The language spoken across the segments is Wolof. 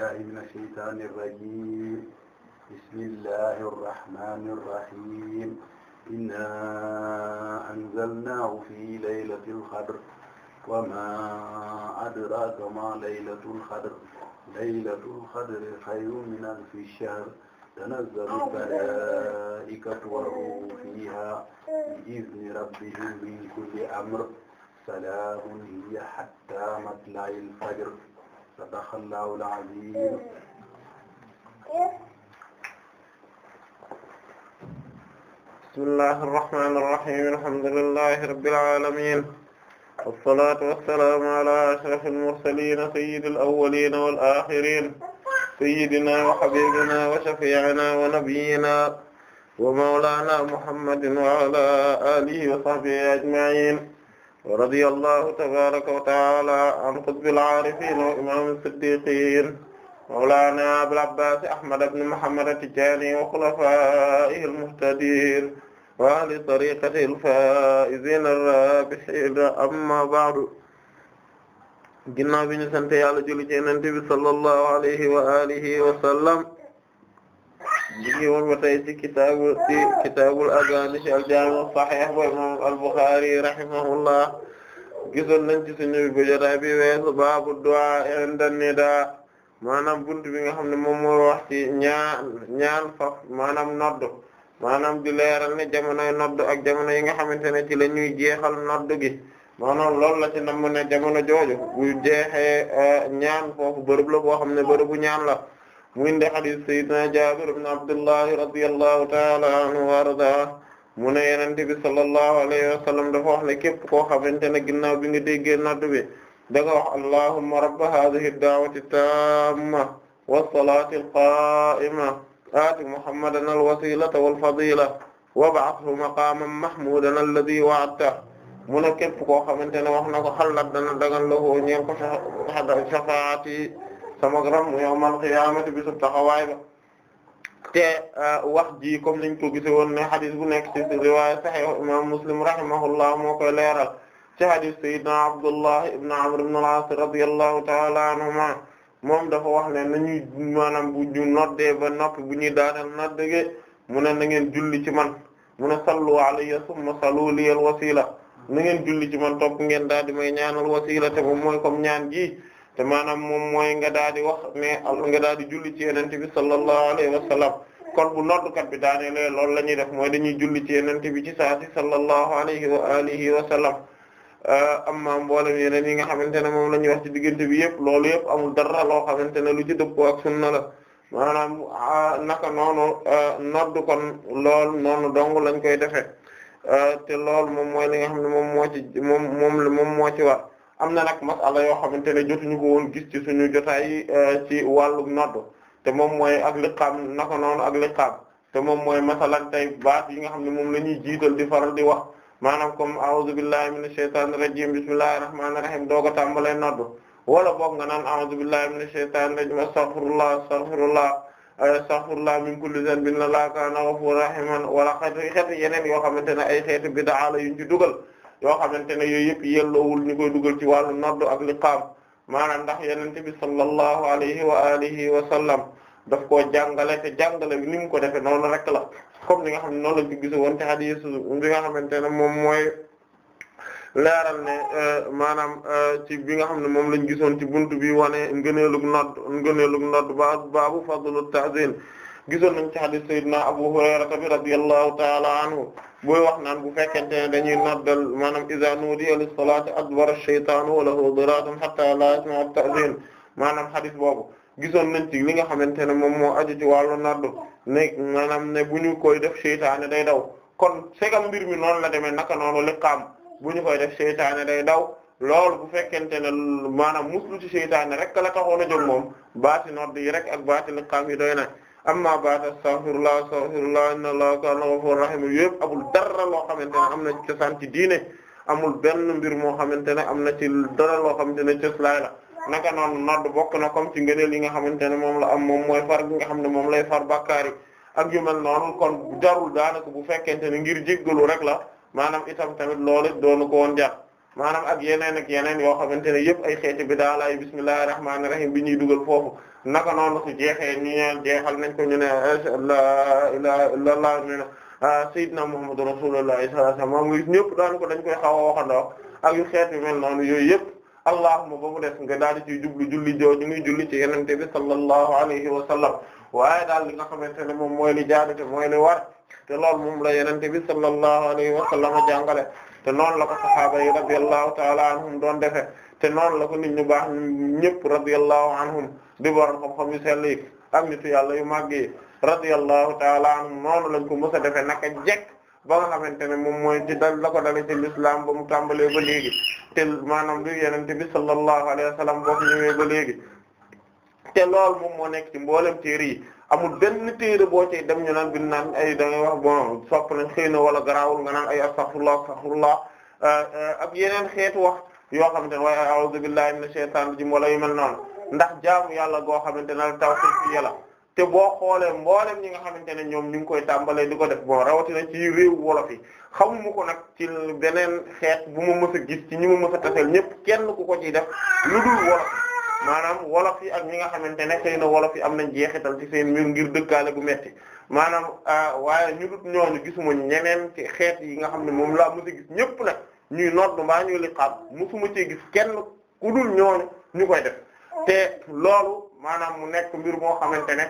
بالله من الشيطان الرجيم بسم الله الرحمن الرحيم إنا أنزلناه في ليلة القدر وما أدراك ما ليلة القدر ليلة القدر خير من ألف شهر تنزل الملائكة والروح فيها بإذن ربهم من كل أمر سلام هي حتى مطلع الفجر sadaqallaahu al-aziim bismillahi irrahmani irrahim alhamdulillahi rabbil aalamiin wassalaatu wassalaamu alaa ashrafil mursaliin sayyidil awwaliin wal aaxiriin sayyidinaa wa habiibinaa wa shafii'inaa wa nabiyyinaa wa mawlaanaa muhammadin wa alaa aalihi wa sahbihi ajma'iin radiyallahu tabaraka wa taala an qutbil aarifin wa imam siddiqin mawlana abul abbas ahmad ibn muhammad at-tijani wa khulafaihi al-muhtadin wa ahli tariqatihi al-faizin ar-rabihin amma ba'du ginnaaw bi ñu sant yàlla julli ci Yonent bi sallallahu alayhi wa alihi wa sallam ñu ngi ba tey ci kitaabu ci kitaabul adaan ci al-jaami' sahih ba imam al-Bukhari rahimahullah gisoon nañ ci suñu jotaay bi weesu baabu du'a inda nidaa maanaam bunt bi nga xam ne moom moo wax ci ñaan ñaan faf maanaam nodd maanaam di leeral ne jamonoy nodd ak jamono yi nga xamante ne ci la ñuy jeexal nodd gi maanaam lool la ci nam ne jamono jooju bu jeexee euh, ñaan foofu bërëb la boo xam ne bërëbu ñaan la mu indi hadith sayyidina Jaabir ibn Abdullah radiyallahu ta'ala anhu wa ardaa mu ne Yonent bi sallallahu alayhi wa sallam dafa wax ne képp koo xamante ne ginnaaw bi nga déggee noddu bi da nga wax allahumma rabba hadhihi ad-da'wati at-tammati was-salati al-qa'imati aati Muhammadan al-wasilata wal-fadilata wab'athhu maqaman mahmudan alladhi wa'adtahu mu ne képp koo xamante ne wax na ko xalaat dana dagan lahu ñeel ko shafaati sama gram yawmal qiyaamati bisu waay ba te uh, wax ji comme niñ ko gisee woon ne hadith bu nekk ci riwaaya sahih imam muslim rahimahullah moo koy leeral ci hadith sayyidina abdullah ibn amr ibn al-aas radiyallahu ta'ala anhuma moom dafa wax ne nañuy maanaam bu ñu noddee ba noppi bu ñuy daanal noddege mu ne na ngeen julli ci man mu ne sallu alayya summa sallu liyal wasila na ngeen julli ci man topp ngeen daal di may ñaanal wasila te moom mooy comme ñaan ji te maanaam moom mooy nga daal di wax ne nga daal di julli ci yenente bi sallallahu alayhi wa sallam kon bu noddukat bi daane lee la ñuy def mooy dañuy julli ci yenente bi ci saa si sallallahu alayhi wa alihi wa sallam euh, amma mboolem yeneen yi nga xamante ne moom la ñuy wax ci diggante bi yëpp loolu yëpp amul dara loo xamante ne lu ci dëppoo ak sunna la maanaam euh, naka noonu euh, noddu kon lool noonu dong lañ koy defee te loolu moom mooy li nga xam ne moom moo ci moom moom moom moo ci wax am na nag masala yoo xamante ne jotuñu ko woon gis ci suñu jotaay euh, ci wàllu nodd te moom mooy ak liqaam naka noonu ak liqaam te moom mooy masalan tey baat yi nga xam ne moom la ñuy jiital di faral di wax maanaam comme a'udhu billahi minash shaitanir rajim bismillahir rahmanir rahim doog a tàmbalee nodd wala boog nga naan a'udhu billahi minash shaitanir rajim astaghfirullah astaghfirullah euh, astaghfirullah min kulli dhanbin la kaana ghafurur rahiman wala xeeti xeeti yeneen yoo xamante ne ay xeeti bid'a la yuñ ci dugal yoo xamante ne yooyu yëpp yelloowul ñu koy dugal ci wàllu nodd ak liqaam maanaam ndax yenente bi sallallahu alayhi wa alihi wa sallam daf koo jàngale te jàngale bi ni mu ko defee noonu rek la comme li nga xam ne noonu la ñu gis woon ci hadith bi nga xamante ne moom mooy laaral ne euh, maanaam euh, ci bi nga xam ne moom lañ gisoon ci buntu bi wane ngëneelug nodd ngëneelug nodd baabu fadlu ta'zin gisoon nañ ci hadith sayyidina Abu Hurayra bi radiyallahu ta'ala anhu booy wax naan bu fekkente ne dañuy noddal maanaam iza nudiya lis-salati adbara ash-shaytanu wa lahu diraatun hatta la yasma'u at-ta'dhin maanaam hadith boobu gisoon nañ ci li nga xamante ne moom moo aju ci wàllu noddu ne maanaam ne bu ñu koy def seytaane day daw kon segam mbir mi noonu la demee naka noonu liqaam bu ñu koy def seytaane day daw loolu bu fekkente ne maanaam muslu ci seytaane rek la taxoon a jóg moom baati nodd yi rek ak baati liqaam yi doy na amma ba'd astaghfirullah astaghfirullah inna allaha kana ghafurur rahim yëpp amul dara loo xamante ne am na cosaan ci diine amul benn mbir moo xamante ne am na ci dara loo xamante ne cëslaay la naka noonu nodd bokk na comme ci ngëneel yi nga xamante ne moom la am moom mooy far gi nga xam ne moom lay far bàkkaar yi ak yu mel noonu kon jarul daanaka bu fekkente ne ngir jéggalu rek la maanaam itam tamit loolu doonu ko woon jar maanaam ak yeneen ak yeneen yoo xamante ne yëpp ay xeeti bi daalaay bismillahir rahmanir rahim bi ñuy dugal foofu naka noonu su jeexee ñu ne jeexal nañ ko ñu ne la ilaha illallah ñu ne ah, sayyidna muhammadu rasulullah sallallahu alayhi wasallam ngi ñëpp daan ko dañ koy xaw a waxandoo ak yu yu mel noonu yooyu yëpp allahuma ba mu des nga daal di ciy jublu julli joo ñu ngi julli ci yenente bi sallallahu alayhi wa sallam daal li nga xamante ne moom mooy li jaadite mooy li war te lool moom la yenente bi sallallahu alayhi wa sallam jàngale te noonu la ko sahaaba yi radiyallahu ta'ala anhum doon defe te noonu la ko ni ñu baax ñëpp radiyallahu anhum di borom xam i yu sell yi ak yàlla yu màgg yi radiyallahu taala anhum noonu lañ ko mës a defee naka jekk ba nga xamante ne moom mooy ci dal la ko dale ci l'islam ba mu tàmbalee ba léegi te maanaam du yenente bi sallallahu alayhi wa sallam boo ñëwee ba léegi te loolu moom moo nekk ci mboole téere yi amul benn téere boo cay dem ñu naan bi naan ay da ngay wax bon sopp nañ xëy na wala garaawul nga naan ay astaghfirullah astaghfirullah euh, euh, ak yeneen xeetu wax yoo xamante ne waaye a'uuzu billahi na shaytaanir rajiim wala yu na noonu ndax jaamu yàlla goo xamante ne tawfiq yàlla te boo xoolee mboolem ñi nga xamante ne ñoom ñu ngi koy tàmbalee di ko def bon rawatina ci réew wolof xamuma ko nag ci beneen xeet bu ma mës a gis ci ñi ma ñëpp kenn ku ko ciy def maanaam wolof yi ak ñi nga xamante ne xëy na yi am nañ jeexital ci seen mbir ngir dëkkaale gu metti maanaam ah, waaye ñu dut ñooñu gisuma ñeneen ci xeet yi nga xam ne moom laa mës a gis ñëpp nag ñuy noddu mbaa ñuy liqaam musuma ci gis kenn ku dul ñooñu ñu koy def te loolu maanaam mu nekk mbir moo xamante ne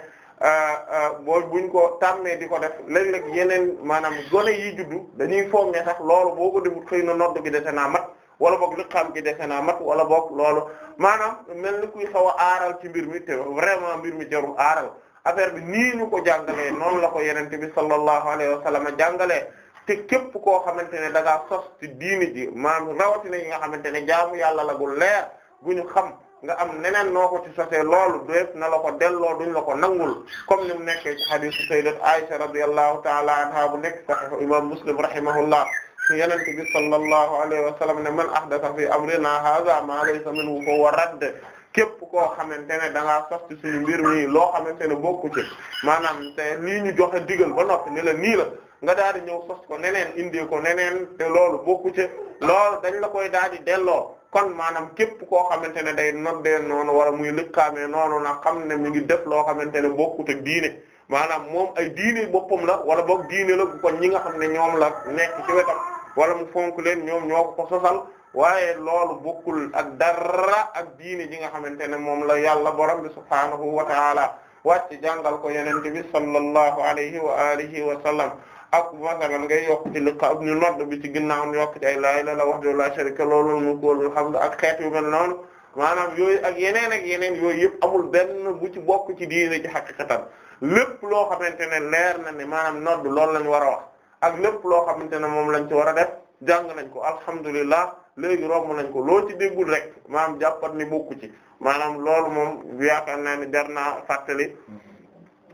euh, euh, boo buñ ko tàmmee di ko def léeg-léeg yeneen maanaam gone yi juddu dañuy foog ne sax loolu boo ko defut xëy na nodd gi dese naa mat wala boog liqaam gi dese naa mat wala boog loolu maanaam mel ni kuy xaw aaral ci mbir mi te vraiment mbir mi jarul aaral affaire bi nii ñu ko jàngalee noonu la ko yeneen yenente bi sallallahu alayhi wa sallam jàngalee te képp koo xamante ne da ngaa sos ci diini ji maanaam rawatina yi nga xamante ne jaamu yàlla la gu leer gu ñu xam nga am neneen noo ko ci loolu def na la ko delloo duñ la ko nangul comme ni mu nekkee ci hadiisu sayyidat Aisha radiyallahu ta'ala anha bu nekk sahih imam Muslim rahimahullah ci Yonent bi sallallahu alayhi wa ne man ahdatha fi amrina hadha ma laysa minhu fa huwa radd képp koo xamante ne danga ngaa suñu mbir mi loo xamante ne bokku ci maanaam te lii ñu joxe digal ba nii la nga daal di ñëw sos ko neneen indee ko neneen te loolu bokku ci loolu dañ la koy daal di delloo kon maanaam képp koo xamante ne day noddee noon wala muy lëkkaamee noonu na xam ne mi ngi def loo xamante ne bokkut ak diine maanaam moom ay diine boppam la wala boog diine la kon ñi nga xam ne ñoom la ne ci wetam wala mu fonk leen ñoom ñoo ko sosal waaye loolu bokkul ak dara ak diine ji nga xamante ne moom la yàlla borom bi subhaanahu wa taala wàcc jàngal ko yenente bi sallallahu alayhi wa alihi wa sallam ak masalan ngay yokk ci li xam ni nodd bi ci ginnaaw ñu yokk ci ay laa la illallah wahdahu laa sharika lahu loolu mu ko alhamdu ak xeet yu mel noonu maanaam yooyu ak yeneen ak yeneen yooyu yëpp amul benn bu ci bokk ci diine ci xaqiqatan lépp loo xamante ne leer na ne maanaam nodd loolu lañu war a wax ak lépp loo xamante ne moom lañ ci war a def jàng nañ ko alhamdulillah léegi romb nañ ko lool ci déggul rek maanaam jàppat ni bokku ci maanaam loolu moom yaakaar naa ni jar naa fàttali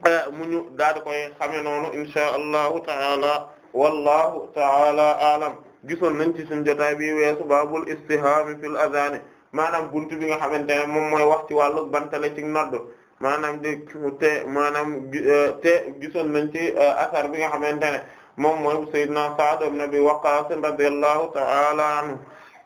Eh, mu ñu daal di koy xame noonu inshaa allahu taala wallahu gisoon nañ ci suñu jotaay bi weesu babul istihami fil maanaam buntu bi nga xamante ne moom mooy wax ci wàllu bantale ci nodd maanaam di te maanaam eh, te gisoon nañ ci eh, asar bi nga xamante ne moom mooy Seydina Sa'd ibn Abi Waqqas radiyallahu taala anhu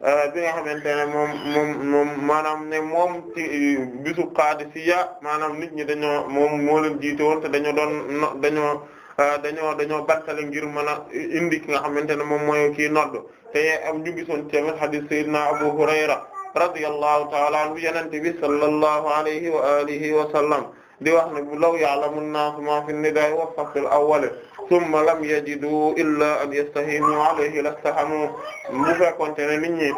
Euh, bi nga xamante ne moom moom moom maanaam ne moom ci euh, bisu Qaadisiya maanaam nit ñi dañoo moom moo leen jiite woon te dañoo doon euh, dañoo dañoo dañoo barkale ngir mën a indi ki nga xamante ne moom mooy kii nodd te am ñu gisoon ci hadith Sayyidina Abu Hurayra radiyallahu ta'ala anhu yenente bi sallallahu alayhi wa alihi wa sallam di wax ne law ya'lamu an-naasu maa fi an-nidaa'i wa saffil awwal summa lam yajidu illa an yastahimu alayhi lastahamu bu fekkonte ne nit ñi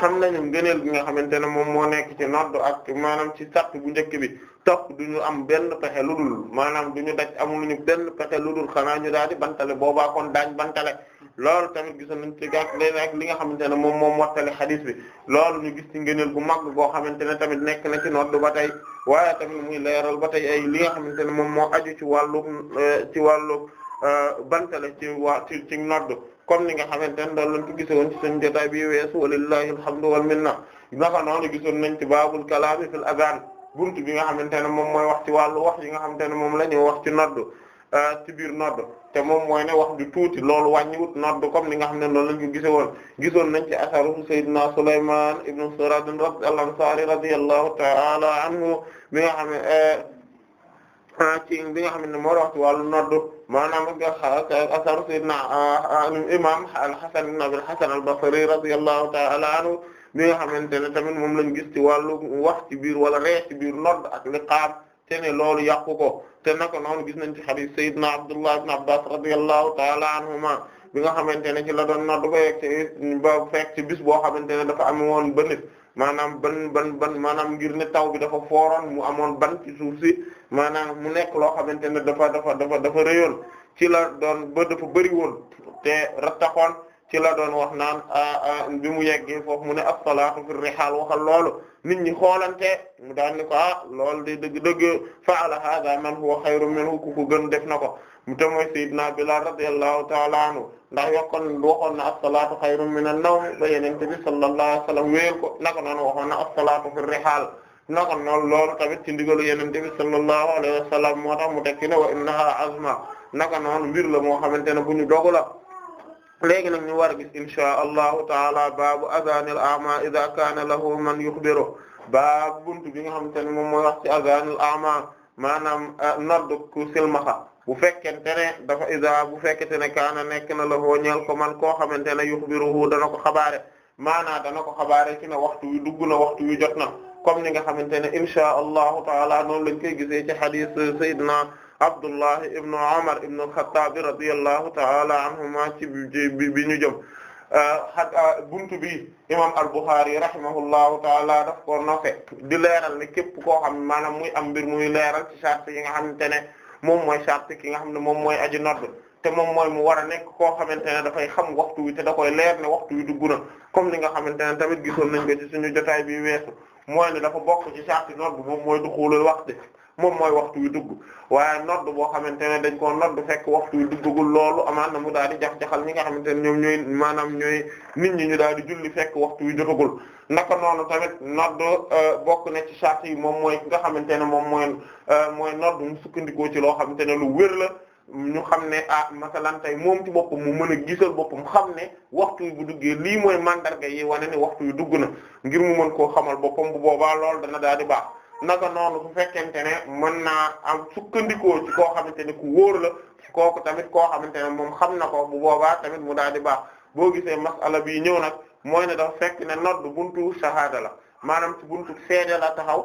xam nañu ngëneel gi nga xamante ne moom moo nekk ci noddu ak maanaam ci sàrt bu njëkk bi tax duñu am benn pexe lu dul maanaam duñu daj ñu benn pexe lu dul xanaa ñu daal di bantale boobaa kon daañ bantale loolu tamit gis nañ ci gàtt léeg li nga xamante ne moom moom wattale xadiis bi loolu ñu gis ci ngëneel bu mag goo xamante ne tamit nekk na ci noddu ba tey waaye tamit muy leeral ba tey ay li nga xamante ne moom moo aju ci wàllu eh, ci wàllu eh, bantale ci waa ci ci nodd comme ni nga xamante ne daal lañ ko gisoon ci suñu jotaay bi weesu walillahi alhamdu wal minna naka noonu gisoon nañ ci baabul kalaami fil adaan buntu bi nga xamante ne moom mooy wax ci wàllu wax yi nga xamante ne moom la ñuy wax ci nodd eh, ci biir nodd te moom mooy ne wax ju tuuti loolu wàññiwut noddu comme ni nga xam ne noonu lañu ko gise woon gisoon nañ ci asaru sayyidina Sulaymaan ibnu Suraad al-Ansaari radiyallahu ta'ala anhu bi nga xam eh, ci bi nga xam ne moo wax ci wàllu noddu maanaam asaru sayyidina eh, imaam al-Hasan ibn Abil Hasan al-Basri radiyallahu ta'ala anhu bi nga xamante ne tamit moom lañ gis ci wàllu wax ci biir wala ree ci biir nodd ak liqaam te ne loolu yàqu ko te naka noonu gis nañ ci hadith sayyidina Abdullah ibn Abbas radiyallahu ta'ala anhuma bi nga xamante ne ci la doon nodd ba yegg ci ba fekk ci bis boo xamante ne dafa am woon ba maanaam ban ban ban maanaam ngir ne taw bi dafa fooroon mu amoon ban ci suuf si maanaam mu nekk loo xamante ne dafa dafa dafa dafa rëyoon ci la doon ba dafa bëri te rattaxoon ci la doon wax naan bi mu yeggee foofu mu ne as-salaatu fi rihaal waxal loolu nit ñi xoolante mu daan ni ko ah loolu de dëgg dëgg fa'ala haadha man huwa xayrun minhu ku ko gën def na ko mu te mooy Seydina Bilaal radiyallahu ta'ala anhu ndax yokkoon waxoon na as-salaatu xayrun mina an-nawm ba Yonent bi sallallahu alayhi wa sallam wéyal ko naka noonu waxoon na as-salaatu fi rihaal naka noonu loolu tamit ci ndigalu Yonent bi sallallahu alayhi wa sallam moo tax mu tekki ne wa innaha azma naka noonu mbir moo xamante ne bu ñu dogu la léegi nag ñu war a gis insha allahu taala baabu azanil ama ida kaana lahu man yuxbiru baab buntu bi nga xamante ne moom mooy wax ci azanil ama maanaam ah, noddu ku silmaxa bu fekkente ne dafa ida bu fekkente ne kaana nekk na lahoo ñeel ko man koo xamante ne yuxbiruhu dana ko xabaare maanaa dana ko xabaare ci ne waxtu wi dugg na waxtu wi jot na comme ni nga xamante ne insha allahu taala noonu lañ koy gisee ci hadith sayyidina Abdullah ibn Umar ibn al-Khattab radiyallahu ta'ala anhuma ci bi ñu jëm ah, ah, buntu bi imam al-Bukhari rahimahullahu ta'ala daf ko nofe di leeral ne képp koo xam maanaam muy am mbir muy leeral ci sart yi nga xamante ne moom mooy sart ki nga xam ne moom mooy aji nodd te moom mooy mu war a nekk koo xamante ne dafay xam waxtu wi te da koy leer ne waxtu wi dugg na comme li nga xamante ne tamit gisoon nañ ko ci suñu jotaay bi weesu mooy ne dafa bokk ci sart nodd moom mooy duxulul waxtu moom mooy waxtu wi dugg waaye nodd boo xamante ne dañ koo nodd fekk waxtu wi duggagul loolu amaan na mu daal di jax-jaxal ñi nga xamante ne ñoom ñooy maanaam ñooy nit ñi ñu daal di julli fekk waxtu wi jotagul naka noonu tamit nodd euh, bokk na ci charte yi moom mooy ki nga xamante ne moom mooy euh, mooy nodd mu sukkandikoo ci loo xamante ne lu wér la ñu xam ne ah masalan tey moom ci boppam mu mën a gisal boppam xam ne waxtu wi bu duggee lii mooy mandarga yi wane ne waxtu wi dugg na ngir mu mën koo xamal boppam bu boobaa loolu dana daal di baax naka noonu bu fekkente ne mën naa am sukkandikoo ci koo xamante ne ku wóor la kooku tamit koo xamante ne moom xam na ko bu boobaa tamit mu daal di baax boo gisee masala bii ñëw nag mooy ne dafa fekk ne nodd buntu shahada la maanaam buntu seede la taxaw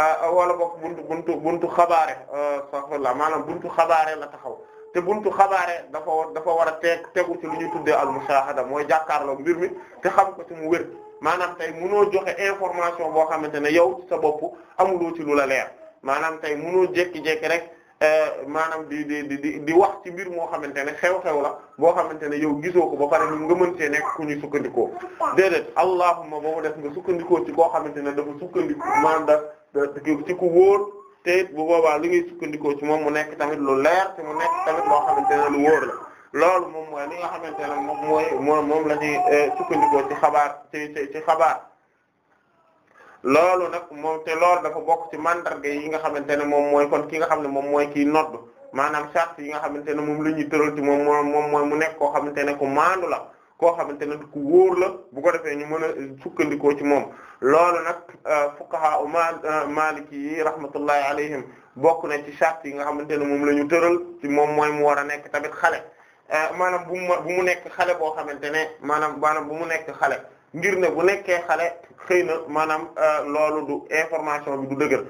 ah, wala boog buntu buntu buntu xabaare ah, saxla maanaam buntu xabaare la taxaw te buntu xabaare dafa war dafa war a teg tegu ci lu ñuy tuddee al mushahada mooy jàkkaarloo mbir mi te xam ko ci mu wér maanaam tey munoo joxe information boo xamante ne yow sa bopp amuloo ci lu la leer maanaam tey munoo jékki-jékki rek euh, maanaam di di di di wax ci mbir moo xamante ne xew-xew la boo xamante ne yow gisoo ko ba pare ñu nga mën cee nekk ku ñu sukkandikoo déedéet allahumma boobu def nga sukkandikoo ci koo xamante ne dafa sukkandiku maanaam da ci ku wóor. te it bu boobaa li ngay sukkandikoo ci moom mu nekk tamit lu leer te mu nekk tamit loo xamante ne lu wóor la loolu moom mooy li nga xamante ne moom mooy moom la ñuy euh, sukkandikoo ci xabaar ci ci xabaar loolu nag moom te loolu dafa bokk ci mandarga yi nga xamante ne moom mooy kon ki nga xam ne moom mooy ki nodd maanaam charte yi nga xamante ne moom la ñuy tëral ci moom moom mooy mu nekk koo xamante ne ku maandu la koo xamante ne ku wóor la bu ko defee ñu mën a sukkandikoo ci moom loolu nag euh, fuqaha ma euh, maliki yi rahmatullahi alayhim bokk na ci charte yi nga xamante ne moom la ñu tëral ci moom mooy mu war a nekk tamit xale euh, maanaam bu mu bu mu nekk xale boo xamante ne maanaam maanaam bu mu nekk xale ngir ne bu nekkee xale xëy na maanaam loolu du information bi du dëgër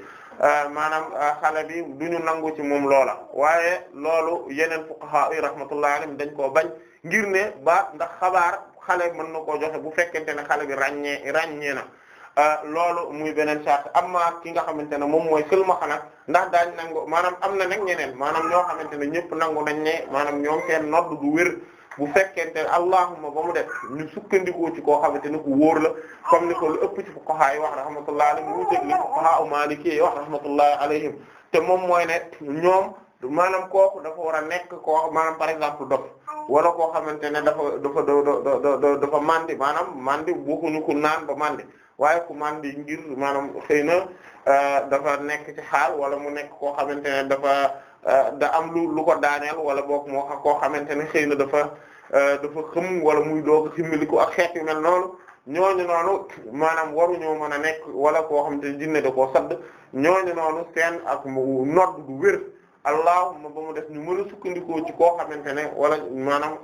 maanaam xale bi du ñu nangu ci moom loola waaye loolu yeneen fuqaha yi alayhim dañ koo bañ ngir ne ba ndax xabaar xale mën na koo joxe bu fekkente ne xale bi ràññee ràññee na euh, loolu muy beneen sart amma ki nga xamante ne moom mooy sëlmaxa nag ndax daañ nangu maanaam am na nag ñeneen maanaam ñoo xamante ne ñëpp nangu nañ ne maanaam ñoom seen nodd du wér bu fekkente ne allahumma ba mu def ñu sukkandikoo ci koo xamante ne ku wóor la comme ni ko lu ëpp ci fuqaha yi wax rahmatullahi alayhim mu dégg li fuqaha maliki yi wax rahmatullahi alayhim te moom mooy ne ñoom maanaam kooku dafa war a nekk koo maanaam par exemple dof wala koo xamante ne dafa dafa dafa dafa mandi maanaam mandi waxuñu naan ba mandi waaye ku mandi ngir maanaam xëy na euh, dafa nekk ci xaal wala mu nekk koo xamante ne dafa euh, da am lu lu ko daaneel wala boog moo koo xamante ne xëy na dafa euh, dafa xëm wala muy doog ximmiliku ak xeet yu mel noonu ñooñu noonu maanaam waruñoo mën a nekk wala koo xamante ne jinne da koo sadd ñooñu noonu seen ak nodd du wér allahumma ba mu def ñu mën a sukkandikoo ci koo xamante ne wala maanaam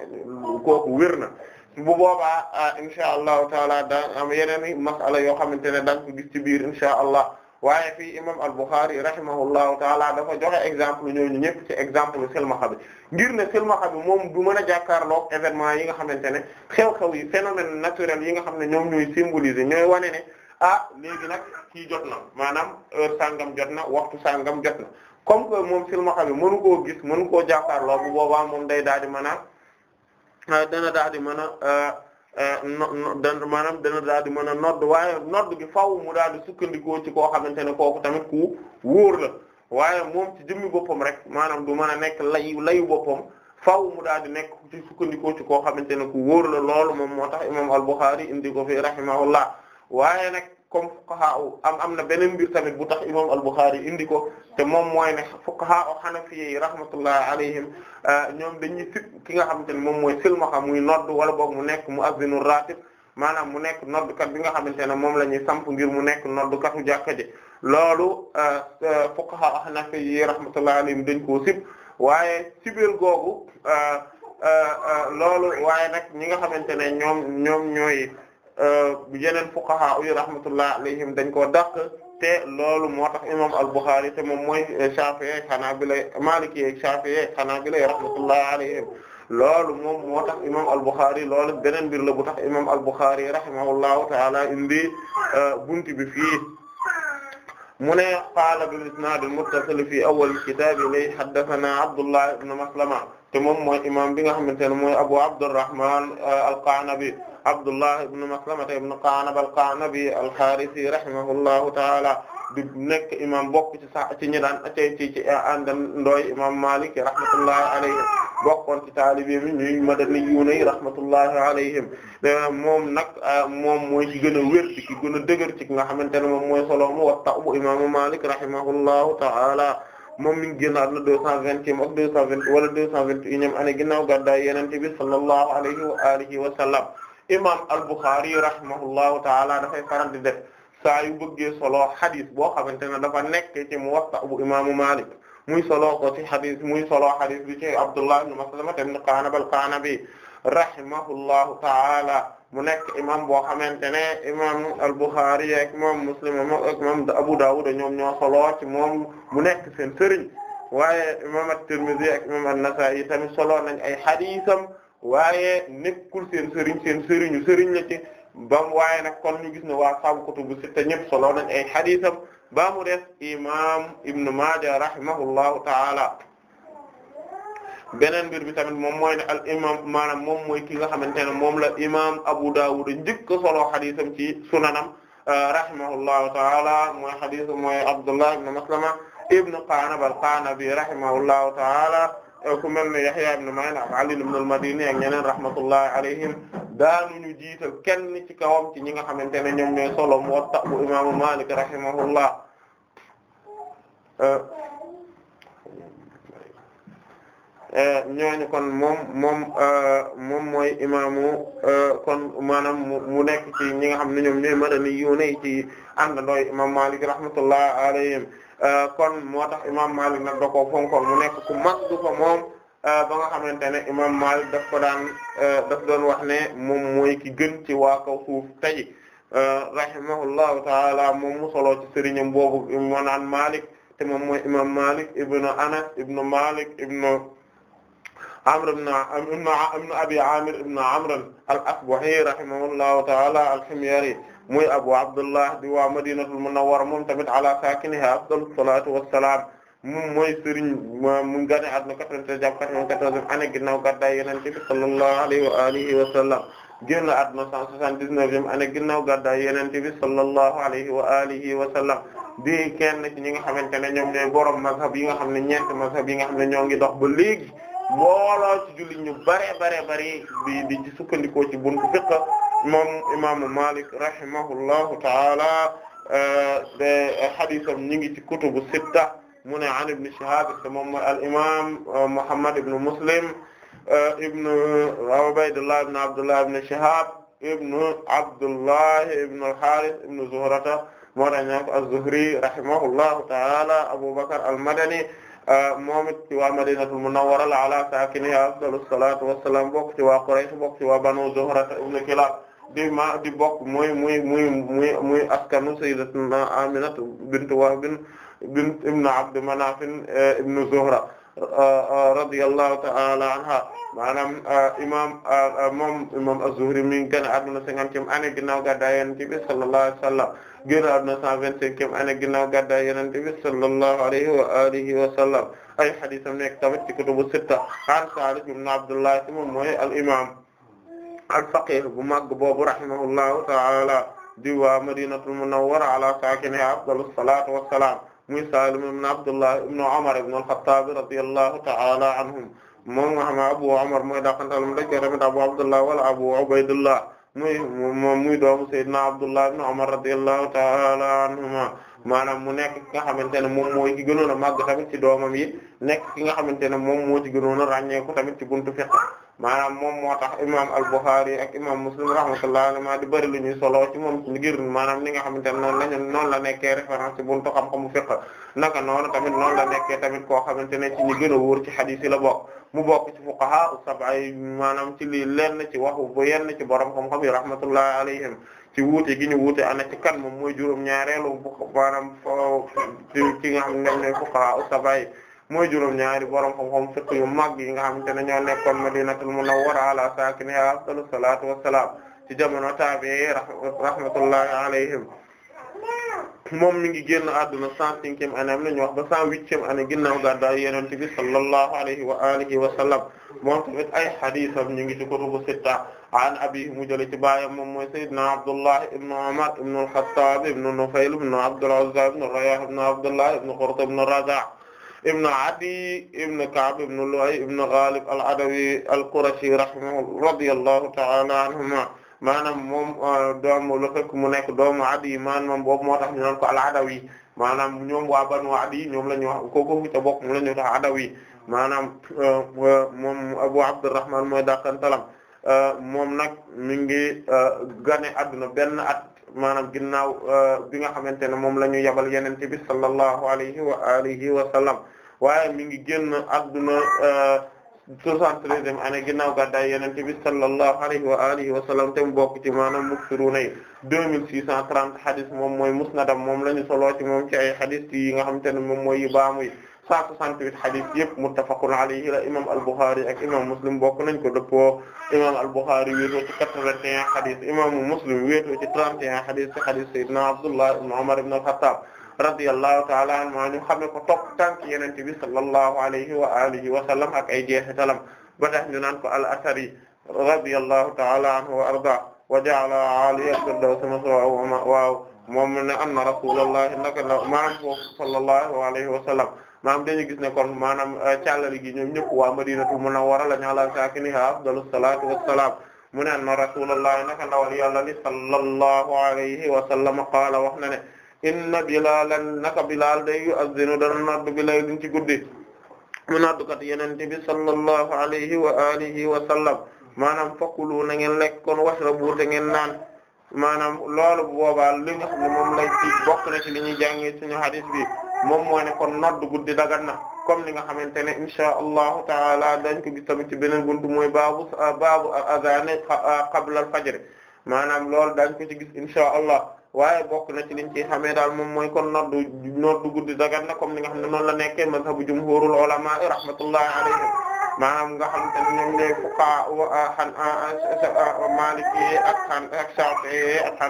kooku wér na bu boobaa ah, insha allahu taala daan am yeneen masala yoo xamante ne daan ko gis ci biir insha allah waaye fii imam al-Bukhari rahimahullahu taala dafa joxe exemple ñooñu ñëpp ci exemple silmaxa bi ngir ne silmaxa bi moom du mën a jàkkaarloog événement yi nga xamante ne xew-xew yi phénomène yi nga xam ne ñoom ñooy symboliser ñooy wane ne ah léegi nag kii jot na maanaam heure sangam jot na waxtu sangam jot na comme que moom silmaxa bi mënu koo gis mënu koo jàkkaarloo bu boobaa moom day daal di mën a euh, dana daal di mën a euh, euh, dana maanaam dana daal di mën a nodd waaye nodd gi faaw mu daal di sukkandikoo ci koo xamante ne kooku tamit ku wóor la waaye moom ci jëmmi boppam rek maanaam du mën a nekk layu layu boppam faaw mu daal di nekk ci sukkandikoo ci koo xamante ne ku wóor la loolu moom moo tax imam al-Bukhari indi ko fi rahimahullah waaye nag comme fuqaha am am na beneen mbir tamit bu tax imam al-Bukhari indi ko te moom mooy ne fuqaha o hanafi yi rahmatullah alayhim euh, ñoom dañuy sit ki nga xamante ne moom mooy silmaxa muy nodd wala boog mu nekk mu azzinu ratib maanaam mu nekk noddkat bi nga xamante ne moom la ñuy samp ngir mu nekk noddkatu jàkka ji loolu euh, euh, fuqaha o hanafi yi rahmatullah alayhim dañ koo sib waaye sibir googu loolu waaye nag ñi nga xamante ne ñoom ñoom ñooy Euh, yeneen fuqaha yu rahmatullah alayhim dañ koo dàq te loolu moo tax imam al-Bukhari te moom mooy Shafi'i Hanabila Maliki Shafi'i Hanabila rahmatullah alayhim loolu moom moo tax imam al-Bukhari loolu beneen mbir la bu tax indi euh, buntu bi fii mu ne qaala bil isnaad al-muttasil fi awwal kitaab li haddathana Abdullah ibn Maslama te moom mooy imam bi nga xamante ne mooy Abu Abdurrahman euh, al-Qa'nabi Abdullah ibn Maslamata ibn Qa'nab al-Qa'nabi al-Harisi rahimahullahu ta'ala di nekk imam bokk ci sa ci ñi daan ci ci ci àndan ndooy imam Malik rahmatullahi alayhi bokkoon ci taalibe mi ñuy madaniyuuna yi rahmatullahi alayhim moom nag euh, moom mooy ci gën a wér ci ki gën a dëgër ci nga xamante ne moom mooy soloomu wa ta'bu imaamu Malik rahimahullahu ta'ala moom mi ngi génn àdduna deux cent vingtième ak deux cent vingt wala deux cent vingt et unième année ginnaaw gàddaay Yonent bi sallallahu alayhi wa alihi wa sallam imam al-Bukhari rahimahullahu taala dafay faral di def saa yu solo xadis boo xamante ne dafa nekk ci Muwatta bu imaamu Malik muy solo ko ci xadis muy solo xadis bi ci Abdullah ibn Maslama ibn Qanab al-Qanabi rahimahullahu taala mu nekk imam boo xamante ne imam al-Bukhari ak imam Muslim ak imam Abu Dawud ñoom ñoo soloo mu nekk seen sëriñ waaye imam at-Tirmidhi ak imam tamit soloo nañ ay xadiisam waaye nekkul seen sëriñ seen seriñ sëriñ la ci bam waaye nag kon ñu gis ne waa saabu kutubu sitta ñëpp soloo nañ ay xadiisam ba mu def imam Ibn Maaja rahimahullahu taala beneen mbir bi tamit moom mooy ne al imam moom mooy ki nga xamante ne moom la imam Abu Dawud njëkk solo xadisam ci sunanam euh, rahimahullahu taala mooy xadis mooy Abdullah ibn Maslama ibn Qa'nab al-Qa'nabi taala ku mel ne Yahya ibn Ma'in ak Ali ibn al-Madini ak ñeneen rahmatullahi alayhim daanuñu jiital kenn ci kawam ci ñi nga xamante ne ñoom ñooy solo Muwatta bu imaamu Malik rahimahullah euh, Eh, ñooñu kon moom moom eh, moom mooy imaamu eh, kon maanaam mu nekk ci ñi nga xam ne ñoom ñooy madani yu ne ci àndandooy imam Maalik rahmatullah alayhim kon moo tax imam Maalik nag da koo fonkoon mu nekk ku mag du ko moom ba nga xamante ne imam Maalik daf ko daan daf doon wax ne moom mooy ki gën ci waa kaw suuf taji rahimahullahu taala moom mu soloo ci sëriñam boobu moo naan te moom mooy imam Maalik ibnu Anas ibnu Maalik ibnu Amr ibn ibn Abi Amir ibn Amr al-Asbahi rahimahullahu ta'ala al-Himyari muy Abu Abdullah di waa Madinatul Munawwara moom tamit ala sakiniha afdalu salaatu wassalaam moom mooy sëriñ mu gane àdduna 93 jàpp 94 année ginnaaw gàddaay Yonent bi sallallahu alayhi wa alihi wa sallam génn àdduna 179 année ginnaaw gàddaay Yonent bi sallallahu alayhi wa alihi wa sallam di kenn ci ñi nga xamante ne ñoom ñooy borom mazhab yi nga xam ne ñeent mazhab yi nga xam ne ñoo ngi dox ba léegi mbooloo ci jullit ñu bare bare bari di di ci sukkandikoo ci buntu fiqh moom imaamu Malik rahimahullahu taala euh, de xadisam ñi ngi ci kutubu sitta mu ne an ibn Shihab te moom mooy al imaam euh, Muhammad ibn Muslim euh, ibn Ubaydullah ibn Abdullah ibn Shihab ibn Abdullah ibn al-Harith ibn Zuhrata moo Abu Bakr al-Madani Ah, moom it ci waa madinatul munawwara ala saakinihaa afdalus salaatu wassalaam bokk ci waa Quraysh bokk ci waa banu Zuhra ibn Kilaab di ma di bokk muy muy muy muy muy askanu sayyidatuna Aminata bint Wahb bint ibn Abd Manaf eh, ibn Zuhra ah, ah, radiyallahu ta'ala anha maanaam imaam moom imaam az-Zuhri mi ngi génn àdduna cinquantième année ginnaaw gàddaay Yonent bi sallallahu alayhi wa sallam génn àdduna 125e année ginnaaw gàddaay Yonent bi sallallahu alayhi wa alihi ay hadiisam nekk tamit ci kutubu sitta an Saalih ibn Abdullah si al imam al faqih bu màgg boobu rahimahullahu ta'ala di waa Madinatul Munawwara ala saakinihaa afdalu salaatu wa salaam muy Saalim Abdullah ibn Umar ibn al-Khattab radiyallahu ta'ala anhum moom nga Abu Umar mooy daqantalam dañ koy Abu Abdullah wala Abu Ubaydullah muy moom muy doomu Seydina Abdullah ibn Umar radiyallahu ta'ala anhuma maanaam mu nekk ki nga xamante ne moom mooy ci gënoon a màgg tamit ci doomam yi nekk ki nga xamante ne moom moo ci gënoon a ràññeeku tamit ci buntu fiqh maanaam moom moo tax imam al-Bukhari ak imam Muslim rahmatullahi alayhi di bëri lu ñuy solo ci moom ngir maanaam li nga xamante ne noonu lañu la nekkee référence ci buntu xam-xamu fiqh naka noonu tamit noonu la nekkee tamit koo xamante ne ci ñu gën a wóor ci hadith yi la bokk mu bokk ci fuqaha sab'a maanaam ci lii lenn ci waxu bu yenn ci borom xam-xam yi rahmatullahi alayhim ci wuute gi ñu wuute ana ci kan moom mooy juróom-ñaareelu maanaam ci ci nga xam ne ñoom ñooy fuqaha as baay mooy juróom-ñaari borom xam-xam fiqh yu mag yi nga xamante ne ñoo nekkoon Madinatul Munawwara ala saakinihaa afdalu salaatu wassalaam ci jamono taabi'i rahmatullahi alayhim moom mi ngi génn àdduna cent cinquième année am nañu wax ba cent huitième année ginnaaw gàddaay Yonent bi sallallahu alayhi wa alihi wa sallam moom tamit ay hadiisam ñu ngi ci kutubu sitta an abihi mu jëlee ci baayam moom mooy sayyidina Abdullah ibn Umar ibn al-Khattab ibn Nufayl ibn Abdul Uzza ibn Riyah ibn Abdullah ibn Qurt ibn Raza' ibn Adi ibn Ka'b ibn Lu'ay ibn Ghalib al-Adawi al-Qurashi rahimahu radiyallahu ta'ala anhuma maanaam moom euh, doomu la fekk mu nekk doomu Adi maanaam boobu moo tax ñu naan ko al-Adawi maanaam ñoom waa Banu Adi ñoom la ñu wax kooku ca bokk mu la ñu tax Adawi maanaam euh, euh, moom Abu Abdurrahman mooy dàqantalam moom nag mi ngi euh, gane adduna benn at maanaam ginnaaw euh, bi nga xamante ne moom la ñu yabal yeneen bi sallallahu alayhi wa alihi wa sallam waaye mi gi génn adduna euh, soixante-treizième année ginnaaw gàddaay yenente bi sallallahu alayhi wa alihi wa sallam te mu bokk ci maanaam muksiruna yi deux mille six cent trente hadis moom mooy musnadam moom la ñu soloo ci moom ci ay hadis yi nga xamante ne moom mooy yi baamu yi 168 hadith yëpp muttafaqun alayhi la imam al-Bukhari ak imam Muslim bokk nañ ko dëppoo imam al-Bukhari wéetoo ci 81 hadith imam Muslim wéetoo ci 31 hadith ci hadith sayyidina Abdullah ibn Umar ibn al-Khattab radiyallahu ta'ala anhu ñu xamee ko topp tànk yenente bi sallallahu alayhi wa alihi wa sallam ak ay jeexitalam ba tax ñu naan ko al-Athari radiyallahu ta'ala anhu wa arda wa ja'ala 'aliya al-firdaws maswaahu waaw moom ne anna rasulullahi naka la maam foofu sallallahu alayhi wa sallam maanaam dañu gis ne kon maanaam euh, càllali gi ñoom ñëpp waa madinatu munawwara la ñu ala saakiniha afdalu salaatu wassalaam mu ne anna rasulullah naka ndawal yàlla li sallallahu alayhi wa sallam qaala wax na ne inna bilalan naka bilal day yu azdinu dana noddu bilay din ci guddi mu noddukat yenente bi sallallahu alayhi wa alihi wa sallam maanaam fakulu na ngeen lekk kon washrabu te ngeen naan maanaam loolu boobaa li nga xam moom lay ci bokk na ci li ñuy jàngee suñu bi moom moo ne kon nodd guddi dagan na comme ni nga xamante ne insha allahu taala dañ ko gis tamit ci beneen buntu mooy baabu baabu azane qabla al fajr maanaam loolu dañ ko ci gis insha allah waaye bokk na ci liñ xamee daal moom mooy kon noddu noddu guddi dagan na comme ni nga xam ne noonu la nekkee mazhabu jumhurul ulama rahmatullahi alayhim maanaam nga xam te ne ñoom ñooy fuqaha xan maliki ak xan ak shafi'i ak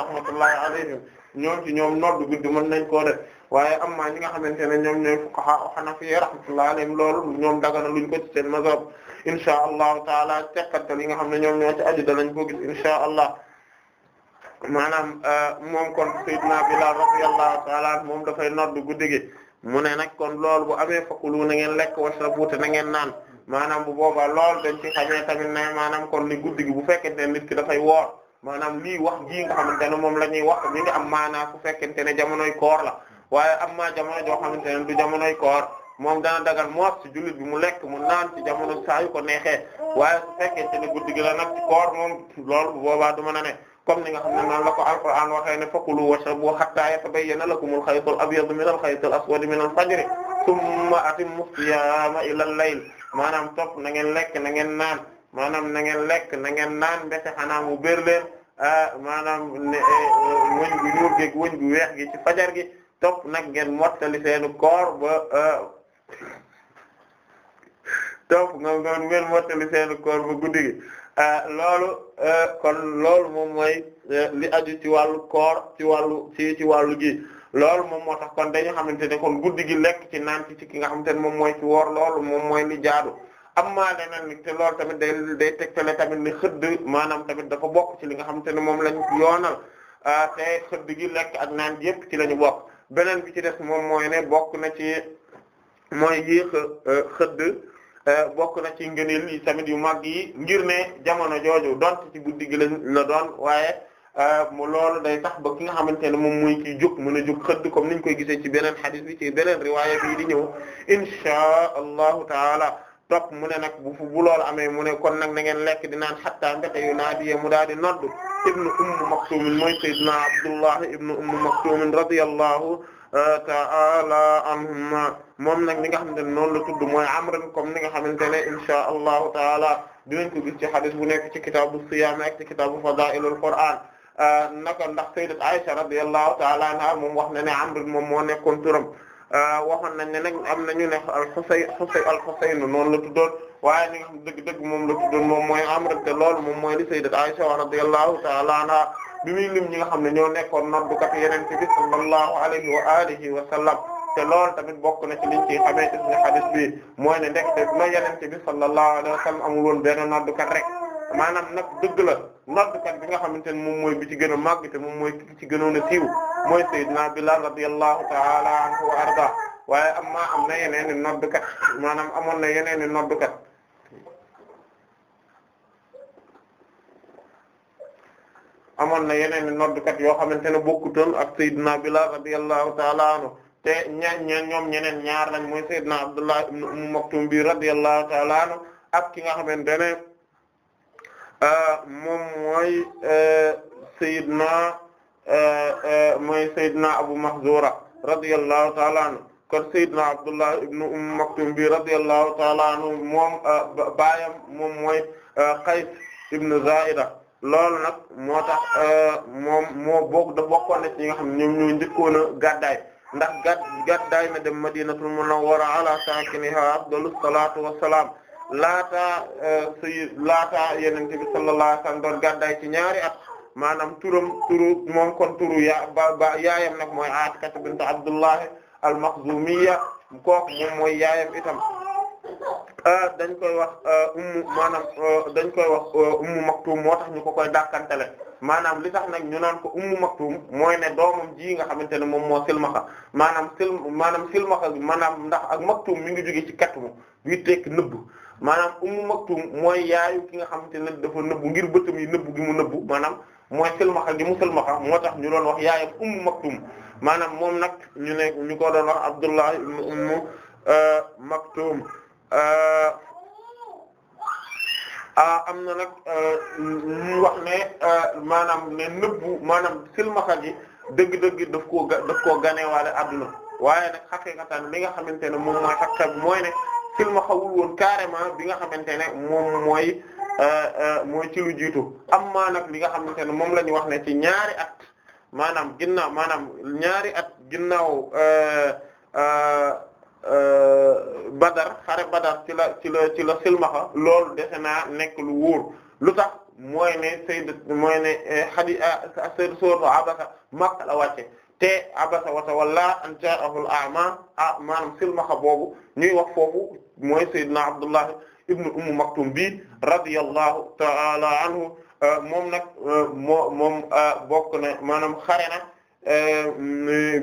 rahmatullahi alayhim ñoom ci ñoom noddu guddi mën nañ koo def waaye amma ñi nga xamante ne ñoom ñooy fuqaha hanafiya rahmatullahi alayhim loolu ñoom dagana luñ ko ci seen mazhab insha allahu taala teqattal yi nga xam ne ñoom ñoo ci aju danañ ko gis insha allah maanaam euh, moom kon sayyidina Bilaal radiyallahu taala moom dafay noddu guddi gi mu ne nag kon loolu bu amee fakulu na ngeen lekk washrabu te na ngeen naan maanaam bu boobaa lool dañ ci xamee tamit ne maanaam kon ni guddi bu fekkente ne nit ki dafay woor maanaam lii wax jii moom la ñuy wax mi ngi am maanaa fu fekkente ne jamonoy koor la waaye amma jamono joo xamante ne du jamonoy koor moom dana dagal moos ci bi mu lekk mu naan ci jamono saa ko neexee waaye su fekkente ne guddi gi la nag ci koor moom loolu bu boobaa du mën a ne comme ni nga xam ne noonu la ko alquran waxee ne fakulu washrabu hatta yatabayyana lakumul xaytul abyadu minal xaytil aswadi minal fajri summa atimmu siyaama ilal layl maanaam topp na ngeen lekk na ngeen naan maanaam na ngeen lekk na ngeen naan mbete xanaa mu bér leen ah, maanaam ne eh, eh, wëñ gi weex gi fajar topp nag ngeen mottali seenu koor ba euh, topp nga ngeen mottali seenu koor ba guddi gi euh, loolu euh, kon loolu moom mooy li aju ci wàllu koor ci wàllu ci ci wàllu gi loolu moom moo tax kon dañu xamante ne kon guddi gi lekk ci naan ci ki nga xamante ne moom mooy ci woor loolu moom mooy li jaadu amma leneen li te loolu tamit day day tegtale tamit ni xëdd maanam tamit dafa bokk ci li nga xamante ne moom lañ yoonal te xëdd gi lekk ak naan yépp ci lañu bokk beneen bi ci des moom mooy ne bokk na ci mooy yéex euh, xëdd euh, bokk na ci ngëneel yi tamit yu mag yi ngir ne jamono jooju donte ci bu gi la doon waaye euh, mu loolu day tax ba ki nga xamante ne moom muy kiy jóg mën a jóg xëdd comme niñ koy gisee ci beneen xadis bi ci beneen riwaaya bii di ñëw inshaa allahu taala topp mu ne nag bu fu bu amee mu ne kon nag na ngeen lekk di naan xatta mbete yu naadiye mu daal di noddu ibnu ummu maktum mooy sayyidina abdullah ibnu ummu uh, ta'ala anhuma moom nag li nga xamante ne noonu la tudd mooy amran comme ni nga xamante ne insha allahu taala dinañ ko gis ci hadith bu nekk ci kitaabu siyaam ak ci kitaabu fadaa'ilul qur'aan uh, kon ndax sayyidat Aisha radiyallahu taala anha moom wax na ne amran moom moo nekkoon turam Euh, waxoon nañ ne nag am nañu ne al-Husayn Husayn al-Husayn noonu la tuddoon waaye ni dëgg-dëgg moom la tuddoon moom mooy Amr te lool moom mooy li Sayyidat Aisha radiyallahu ta'ala anha bi muy ñi nga xam ne ñoo nekkoon noddukat Yonent bi sallallahu alayhi wa alihi wa sallam te loolu tamit bokk na ci liñ ci xamee ci suñu hadith bi mooy ne ndekte la Yonent bi sallallahu alayhi wa sallam amul woon benn noddukat rek maanaam nag dëgg la noddukat bi nga xamante ne moom mooy bi ci gën a màgg moom mooy ki ci gënoon a siiw mooy Seydina Bilal radiyallahu ta'ala anhu wa arda waaye amma am na yeneen i noddkat maanaam amoon na yeneeni i noddkat amoon na yeneen i noddkat yoo xamante ne bokkutoon ak Seydina Bilal radiyallahu ta'ala anhu te ñaan ñoom ñeneen ñaar lañ mooy Seydina Abdullah ibn Umm Maktum ta'ala anhu ak ki nga xamante ah, moom mooy eh, Seydina Eh, eh, mooy Seydina Abu Mahzura radiyallahu ta'ala anhu kon Seydina Abdullah ibn Umm Maktum bi radiyallahu ta'ala moom eh, baayam moom mooy Qays ibn Zaida loolu nag moo tax moom moo bokk da bokkoon na ci ñi nga xam ne ñoom ñoo ndax gad na dem Madinatul Munawwara ala sakiniha afdalu salaatu wassalaam laata sayyid sallallahu alayhi doon gàddaay ci ñaari at maanaam turam turu moom kon turu ya ba yaayam nag mooy Aatikatu bint Abdullah al-Makhzumiyya kooku moom mooy yaayam itam euh, dañ koy wax euh, ummu maanaam euh, dañ koy wax ummu Maktum moo ñu ko koy dàkkantele maanaam li tax nag ñu naan ko ummu mooy ne doomam jii nga xamante ne moom moo silmaxa maanaam sil maanaam silmaxa bi maanaam ndax ak Maktum mi ngi ci katmu bi tekk nëbb maanaam ummu Maktum mooy yaayu ki nga xamante ne dafa nëbb ngir bëtam yi nëbbu gi mu nëbb maanaam mooy silmaxa gi mu silmaxa moo tax ñu loon wax yaayam ummu maktum maanaam moom nag ñu ne ñu ko doon wax abdullah ibn ummu euh, maktum euh, am na nag euh, ñu wax ne maanaam ne nëbbu maanaam silmaxa gi dëgg-dëgg daf koo daf koo ganeewaale adduna waaye nag xaqiqatan li nga xamante ne moom mooy xaqab mooy ne silmaxawul woon carrément bi nga xamante ne moom mooy Euh, euh, mooy ci lu jiitu am nag li nga xamante ne moom la ñu wax ne ci ñaari at maanaam ginnaaw maanaam ñaari at ginnaaw euh, Badar xare Badar ci la ci la ci la silmaxa loolu defe naa nekk lu wóor lu tax mooy ne sayd mooy ne hadi eh, ah, sayd sourto abasa Makka la wàcce te abasa wa tawalla an ja'ahu al a'ma ah maanaam silmaxa boobu ñuy wax foofu mooy sayyidna Abdullah ibnu ummu maktum bi radiyallahu ta'ala anhu euh, moom nag euh, moo moom euh, bokk na maanaam xare na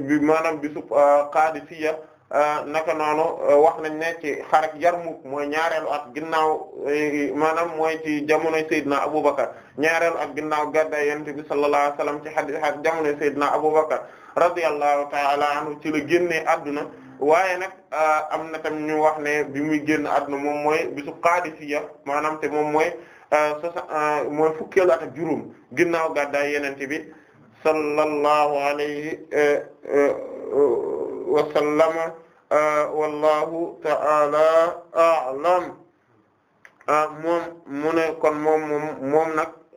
bi maanaam bisub Qaadisiyya naka noonu wax nañ ne ci xarek Yarmuk mooy ñaareelu at ginnaaw maanaam mooy ci jamonoy Seydina Abubakar ñaareelu at ginnaaw gadda yonent bi sallallahu alayhi wasallam ci hadith jamonoy Seydina Abubakar radiyallahu ta'ala anhu ci la génnee adduna waaye nag ah, am na tam ñu wax ne bi muy génn àdduna moom mooy bisu Qaadisiya maanaam te moom mooy ah, soxna ah, mooy fukkeelu at ak juróom ginnaaw gàddaay yenente bi sallallahu alayhi eh, eh, wa wallahu ta'ala a'lam moom mu kon moom moom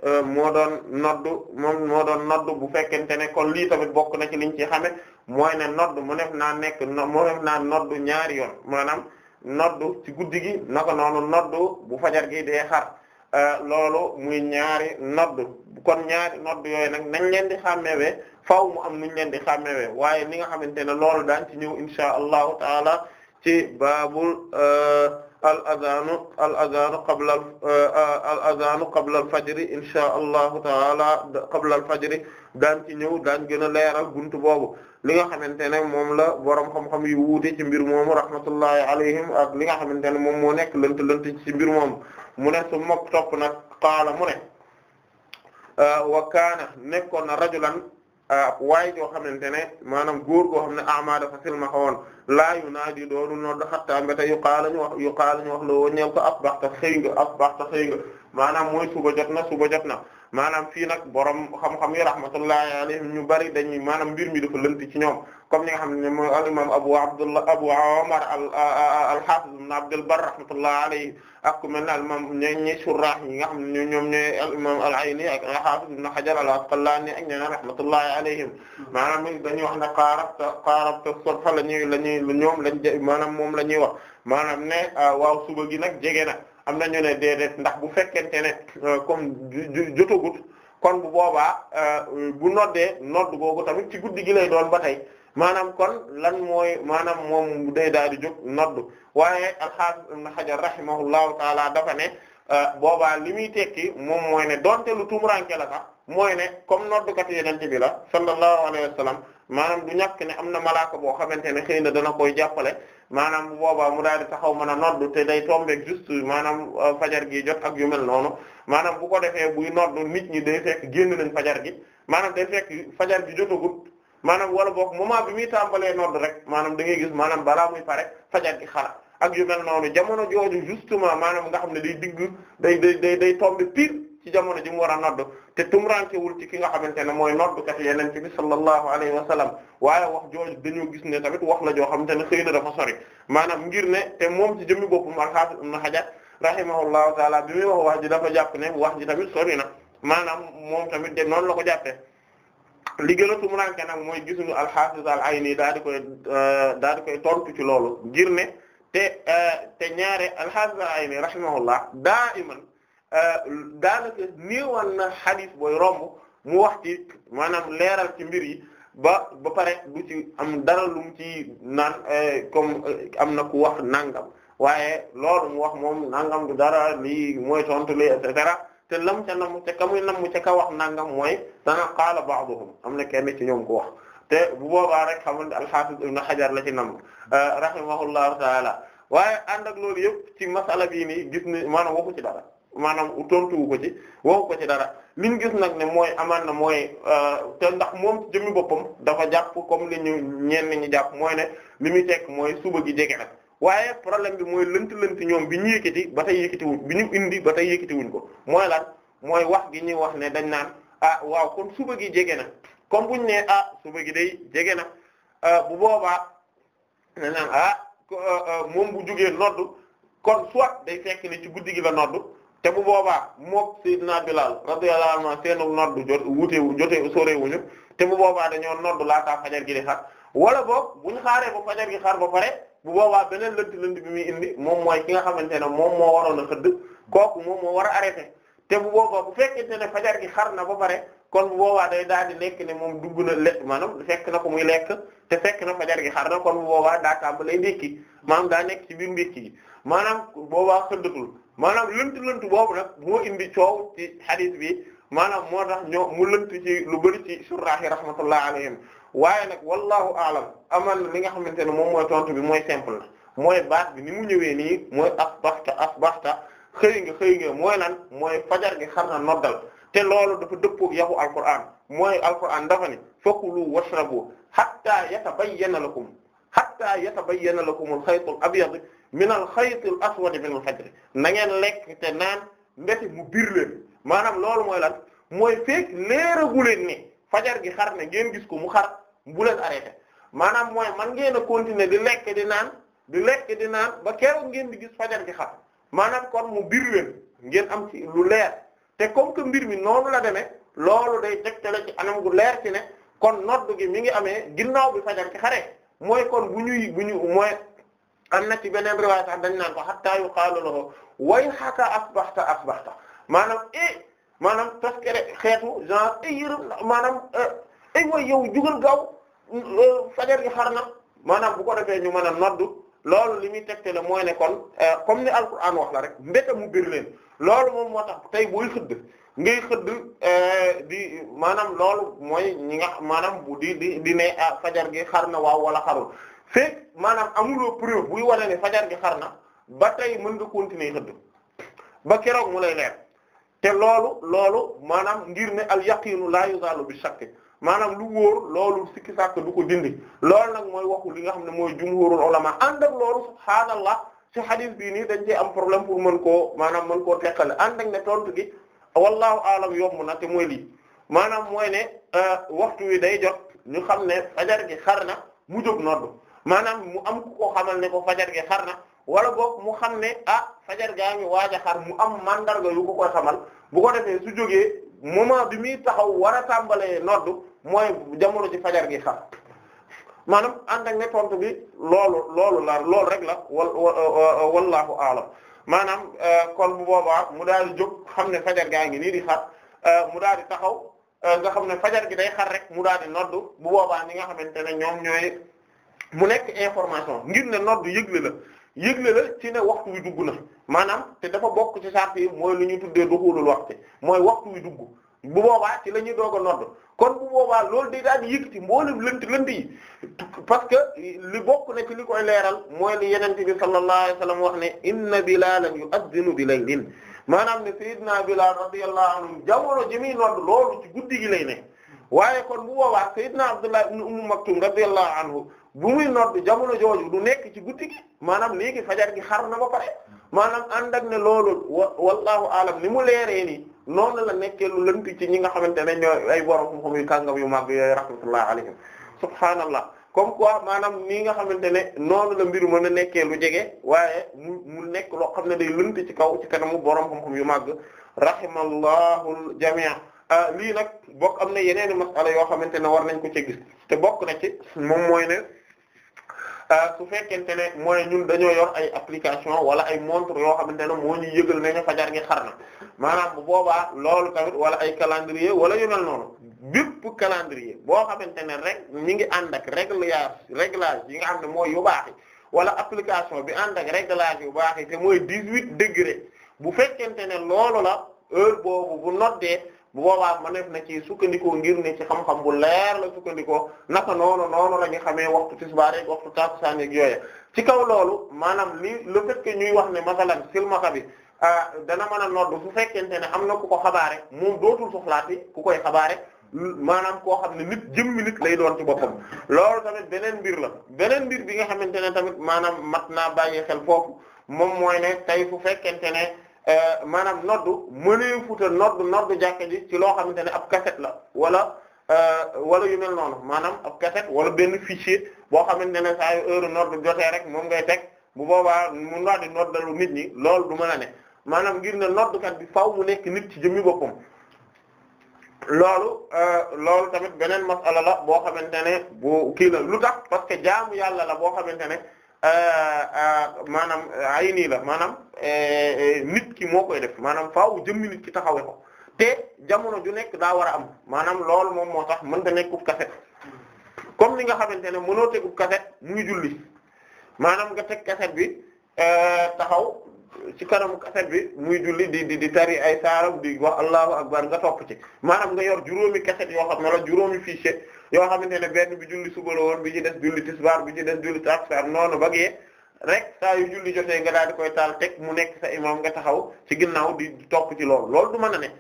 Euh, moo doon noddu moo doon noddu bu fekkente ne kon lii tamit bokk na ci liñ ci xame mooy ne noddu mu nef naa nekk mu nef naa noddu ñaari yoon maanaam noddu ci guddi gi naka noonu noddu bu fajar gi dee xar euh, loolu muy ñaari noddu kon ñaari noddu yooyu nag nañ leen di xàmmewee faaw mu am nuñ leen di xàmmewee waaye li nga xamante ne loolu daan ci ñëw insha allahu taala ci baabul euh, al adhaanu al adhaanu qabla eh, al adhaanu qabla al fajri insha allahu taala qabla al fajri daan ci ñëw daan gën a leeral gunt boobu li nga xamante ne moom la borom xam-xam yu wuute ci mbir moomu rahmatullahi alayhim ak li nga xamante ne moom moo nekk lënt lënt ci mbir moom mu ne su mok topp nag qaala mu ne eh, wa kaana nekkoon na rajulan waaye joo xamante ne maanaam góor goo xam ne ama dafa silmaxa woon laa yu naa di doonu nodd xattaa mbéte yu qaala ñu wax yu qaala ñu wax la woo ñeel ko asbaxta xëy nga asbaxta xëy nga maanaam mooy suba jot na suba jot na maanaam fii nag borom xam-xam yi rahmatullahi alayhim ñu bari dañuy maanaam mbir mi dafa lënt ci ñoom comme ni nga xam ne mooy al imam Abu Abdullah Abu Umar al-Hafiz ibn Abd al-Barr rahmatullah alayhi ak ku mel ne al imam ñi surah yi nga xam ne ñoom ñooy al imam al-Ayni ak al-Hafiz ibn Hajar al-Asqalani ak ñeneen rahmatullahi alayhim maanaam dañuy wax ne qarabta qarabta sotfa la ñuy la ñuy ñoom lañ maanaam moom la ñuy wax maanaam ne waaw suba gi nag jege na am na ñu ne déedéet ndax bu fekkente ne comme jotagut kon bu boobaa bu noddee nodd googu tamit ci guddi gi lay doon ba tey maanaam kon lan mooy maanaam moom day daal di jóg noddu waaye al-Hafiz Ibn Hajar rahimahullahu taala dafa ne euh, boobaa li muy tekki moom mooy ne donte lu tumuranke la sax mooy ne comme noddukat yenente bi la sallallahu alayhi wa sallam maanaam du ñàkk ne am na malaaka boo xamante ne xëy na dana koy jàppale maanaam bu boobaa mu daal di taxaw mën a noddu te day tombeek juste maanaam euh, fajar gi jot ak yu mel noonu maanaam bu ko defee buy noddu nit ñi day fekk génn nañ fajar gi maanaam day fekk fajar gi maanaam wala moom moment bi muy tàmbalee nodd rek maanaam da ngay gis maanaam balaa muy pare fajar gi xar ak yu mel noonu jamono jooju maanaam nga xam ne day digg day day day day tombe ci jamono ji mu war a nodd te tumrankewul ci ki nga xamante ne mooy noddukat yeneen bi sallallahu alayhi wa sallam waaye wax jooju dañoo gis ne tamit wax la joo xamante ne xëy na dafa sori maanaam ngir ne te moom ci jëmmi boppam al-Hafiz Ibn Hajar rahimahullahu taala bi muy wax wax ji dafa jàpp ne wax ji tamit sori na maanaam moom tamit de noonu la ko jàppee li gën a tumuranke mooy gisuñu al-Hafiz al-Ayni daal di koy euh, daal di koy tontu ci loolu ngir ne te euh, te ñaare al-Hafiz al-Ayni rahimahullah daa iman euh, daanaka na xadis booy romb mu wax ci maanaam leeral ci mbir yi ba ba pare du ci am dara lu mu ci naan comme am na ku wax nangam waaye loolu mu wax moom nangam du dara lii mooy tontu li et cetera te lam ca namm ca ka muy namm ca ka wax nangam mooy dana qaala ba'duhum am na kenn ci ñoom ko wax te bu boobaa rek xam nga al-Hafiz Ibn la ci namm euh, rahimahullahu taala waaye ànd ak loolu yëpp ci masala bii nii gis ni maanaam waxu ci dara maanaam tontuwu ko ci waxu ko ci dara li ñu gis nag ne mooy amaan na mooy euh, te ndax moom jëmmi boppam dafa jàpp comme li ñu ñenn ñi jàpp mooy ne li muy teg mooy suba gi jege nag waaye problème bi mooy lënt lënt ñoom bi ñu yëkkati ba tey yëkkatiwuñ bi ñu indi ba tey yëkkatiwuñ ko mooy lan mooy wax gi ñuy wax ne dañ naan ah waaw kon suba gi jege na comme buñ nee ah suba gi day jege na ah, bu boobaa dañ naan ah, ah, ah moom bu jógee nodd kon soit day fekk ni ci guddi gi la nodd te bu boobaa mook Seydina Bilal radiyallahu anhu seenu nodd jot wute jotee sóorewuñu te bu boobaa dañoo nodd laataa fajar gi di xar wala boog buñ xaaree ba fajar gi xar ba pare bu boobaa beneen lënt lënt bi muy indi moom mooy ki nga xamante ne moom moo waroon a xëdd kooku moom moo war a arrêté te bu boobaa bu fekkente ne fajar gi xar na ba pare kon bu boobaa day daal di nekk ne moom dugg na lekk maanaam fekk na ko muy lekk te fekk na fajar gi xar na kon bu boobaa daa tàmbalee ndékki maanaam daa nekk ci biir ndékki gi maanaam boobaa xëddatul maanaam lënt lënt boobu nag moo indi coow ci hadith bi maanaam moo tax ñoo mu lënt ci lu bari ci surraahi rahmatullah alayhim waaye nag wallahu aalam aman li nga xamante ne moom mooy tontu bi mooy simple na mooy baat bi ni mu ñëwee nii mooy asbaxta asbaxta xëy nga xëy nga mooy lan mooy fajar gi xar na noddal te loolu dafa dëppoog yaxu alquran mooy alquran dafa ni fakulu washrabu hatta yatabayyana bay hatta la lakum alxaytu al abyad min alxayti al aswad min alfajr na ngeen lekk te naan ndeti mu bir maanaam loolu mooy lan mooy feek leeragu leen ne fajar gi xar na ngeen gis ko mu xar bu leen arrêté maanaam mooy man ngeen a continuer di lekk di naan di lekk di ba keroog ngeen di gis fajar gi xam maanaam kon mu bir ngeen am ci lu leer te comme que mbir mi noonu la deme loolu day tegtale ci anam gu leer ci ne kon noddu gi mi ngi amee ginnaaw bi fajar gi xare mooy kon bu ñuy bu ñu mooy am na ci beneen riwaay sax dañ naan ko hatta yuqaalu lahu way xaka asbaxta asbaxta maanaam eh maanaam toskere xeetu genre eh yërëm maanaam eh way eh, yow jugal gaaw fajar gi xar na maanaam bu ko defee ñu mën a noddu loolu li muy tegtale mooy ne kon euh, comme ni alquran wax la rek mbéta mu bir leen loolu moom moo tax tey buy xëdd ngay xëdd euh, di maanaam loolu mooy ñi nga maanaam bu di di di ne ah, fajar gi xar na waaw wala xarul fekk maanaam amuloo preuve buy wane ne fajar gi xar na ba tey mën nga continuer xëdd ba keroog mu lay leer te loolu loolu maanaam ngir ne al yaqiinu laa yuzaalu bi shakk maanaam lu wóor loolu sikki sàkk du ko dindi lool nag mooy waxu li nga xam ne mooy jumhurul ulama ànd ak loolu subhaanallah ci xadis bii nii dañ cee am problème pour mën koo maanaam mën koo teqale ànd ak ne tontu gi wallahu alam yomb na te mooy lii maanaam mooy ne euh, waxtu wi day jot ñu xam ne fajar gi xar na mu jóg nodd maanaam mu am ku ko xamal ne ko fajar gi xar na wala boog mu xam ne ah fajar gaa ngi waaj a xar mu am mandarga yu ko koy xamal bu ko defee su jógee moment bi muy taxaw war a tàmbalee nodd mooy jamono ji fajar gi sax maanaam ànd ne tontu bi loolu loolu la loolu rek la wal wallahu aalam maanaam euh, kon bu boobaa mu daal di jóg xam ne fajar gaa ngi nii di xar euh, mu daal di taxaw euh, nga xam ne fajar gi day xar rek mu daal di noddu bu boobaa ni nga xamante ne ñoom ñooy mu nekk information ngir ne noddu yëgle la yëgle la ci ne waxtu wi dugg na maanaam te dafa bokk ci sart yi mooy lu ñu tuddee duxulul waxtu mooy waxtu wi dugg bu boobaa ci la ñuy doog a nodd kon bu boobaa loolu day daal di yëkkati mboolem lënt lënt yi parce que li bokk na ci li koy leeral mooy li yenente bi sallallahu alayhi wa sallam wax ne inna bilalan yu'adhdhinu bi laylin maanaam ne sayyidina bilal radiyallahu anhu jamono ji muy nodd loolu ci guddi gi lay ne waaye kon bu boobaa sayyidina abdullah ibn umm maktum radiyallahu anhu bu muy nodd jamono jooju du nekk ci guddi gi maanaam léegi fajar gi xar na ba pare maanaam ànd ak ne loolu wallahu alam ni mu leeree nii noonu la nekkeelu lu lënt ci ñi nga xamante ne ñooy ay borom xam-xam yu kàngam yu màgg yooyu rahmatullahi alayhim subhaanallah comme quoi maanaam ni nga xamante ne noonu la mbir mën a nekkee lu jege waaye mu mu nekk loo xam ne day lënt ci kaw ci kanamu borom xam-xam yu màgg rahimallahu jamii ah, lii nag bokk am na yeneen i masala yoo xamante ne war nañ ko ci gis te bokk na ci moom mooy ne. ku fekkente ne mooy ñun dañoo yor ay application wala ay montre yoo xamante ne moo ñu yëgal nañu fajar ngi xar na maanaam bu boobaa loolu tamit wala ay calendrier wala yu mel noonu bépp calendrier boo xamante ne rek ñi ngi ànd ak réglage réglage yi nga xam ne mooy yu baax yi wala application bi ànd ak réglage yu baax yi te mooy dix-huit degré bu fekkente ne loolu la heure boobu bu noddee bu boobaa maneef na ci sukkandikoo ngir ne ci xam-xam bu leer la sukkandikoo naka noonu noonu la ñu xamee waxtu tisbaar ak waxtu takusaan ak yooyu ci kaw loolu maanaam li le fait ñuy wax ne masalan silmaxa bi ah dana mën a noddu su fekkente ne am na ku ko xabaare moom dootul soxlaati ku koy xabaare maanaam koo xam ne nit jëmmi nit lay doon ci boppam loolu tamit beneen mbir la beneen mbir bi nga xamante ne tamit maanaam mat naa bàyyi xel foofu moom mooy tey su fekkente ne Euh, maanaam noddu mënee futa noddu noddu jàkka ji ci loo xamante ne ab cassette la wala euh, wala yu noonu maanaam ab cassette wala benn fichier boo xamante ne saa yu heure noddu jotee rek moom ngay teg bu boobaa mu noddi noddalu nit ñi loolu du mën a ne maanaam ngir ne noddukat bi faw mu nekk nit ci jëmmi boppam loolu euh, loolu tamit beneen masala la boo xamante ne bu kii la lu tax parce que jaamu yàlla la boo xamante ne Euh, euh, maanaam euh, ay nii la maanaam nit ki moo koy def maanaam faw jëmmi nit ki taxawe ko te jamono ju nekk daa war a am maanaam loolu moom moo tax mën mënta nekkub kaset comme ni nga xamante ne mënoo tegub kaset muy julli maanaam nga teg kaset bi taxaw ci kanamu kaset bi muy julli di di di tari ay saaram di wax allahu akbar nga topp ci maanaam nga yor juróomi kaset yoo xam ne la juróomi fichier yoo xamante ne benn bi julli suba la woon bi ci des julli tisbaar bi ci des julli taksar noonu ba gee rek saa yu julli jotee nga daal di koy taal teg mu nekk sa imam nga taxaw ci ginnaaw di topp ci lool loolu du mën a ne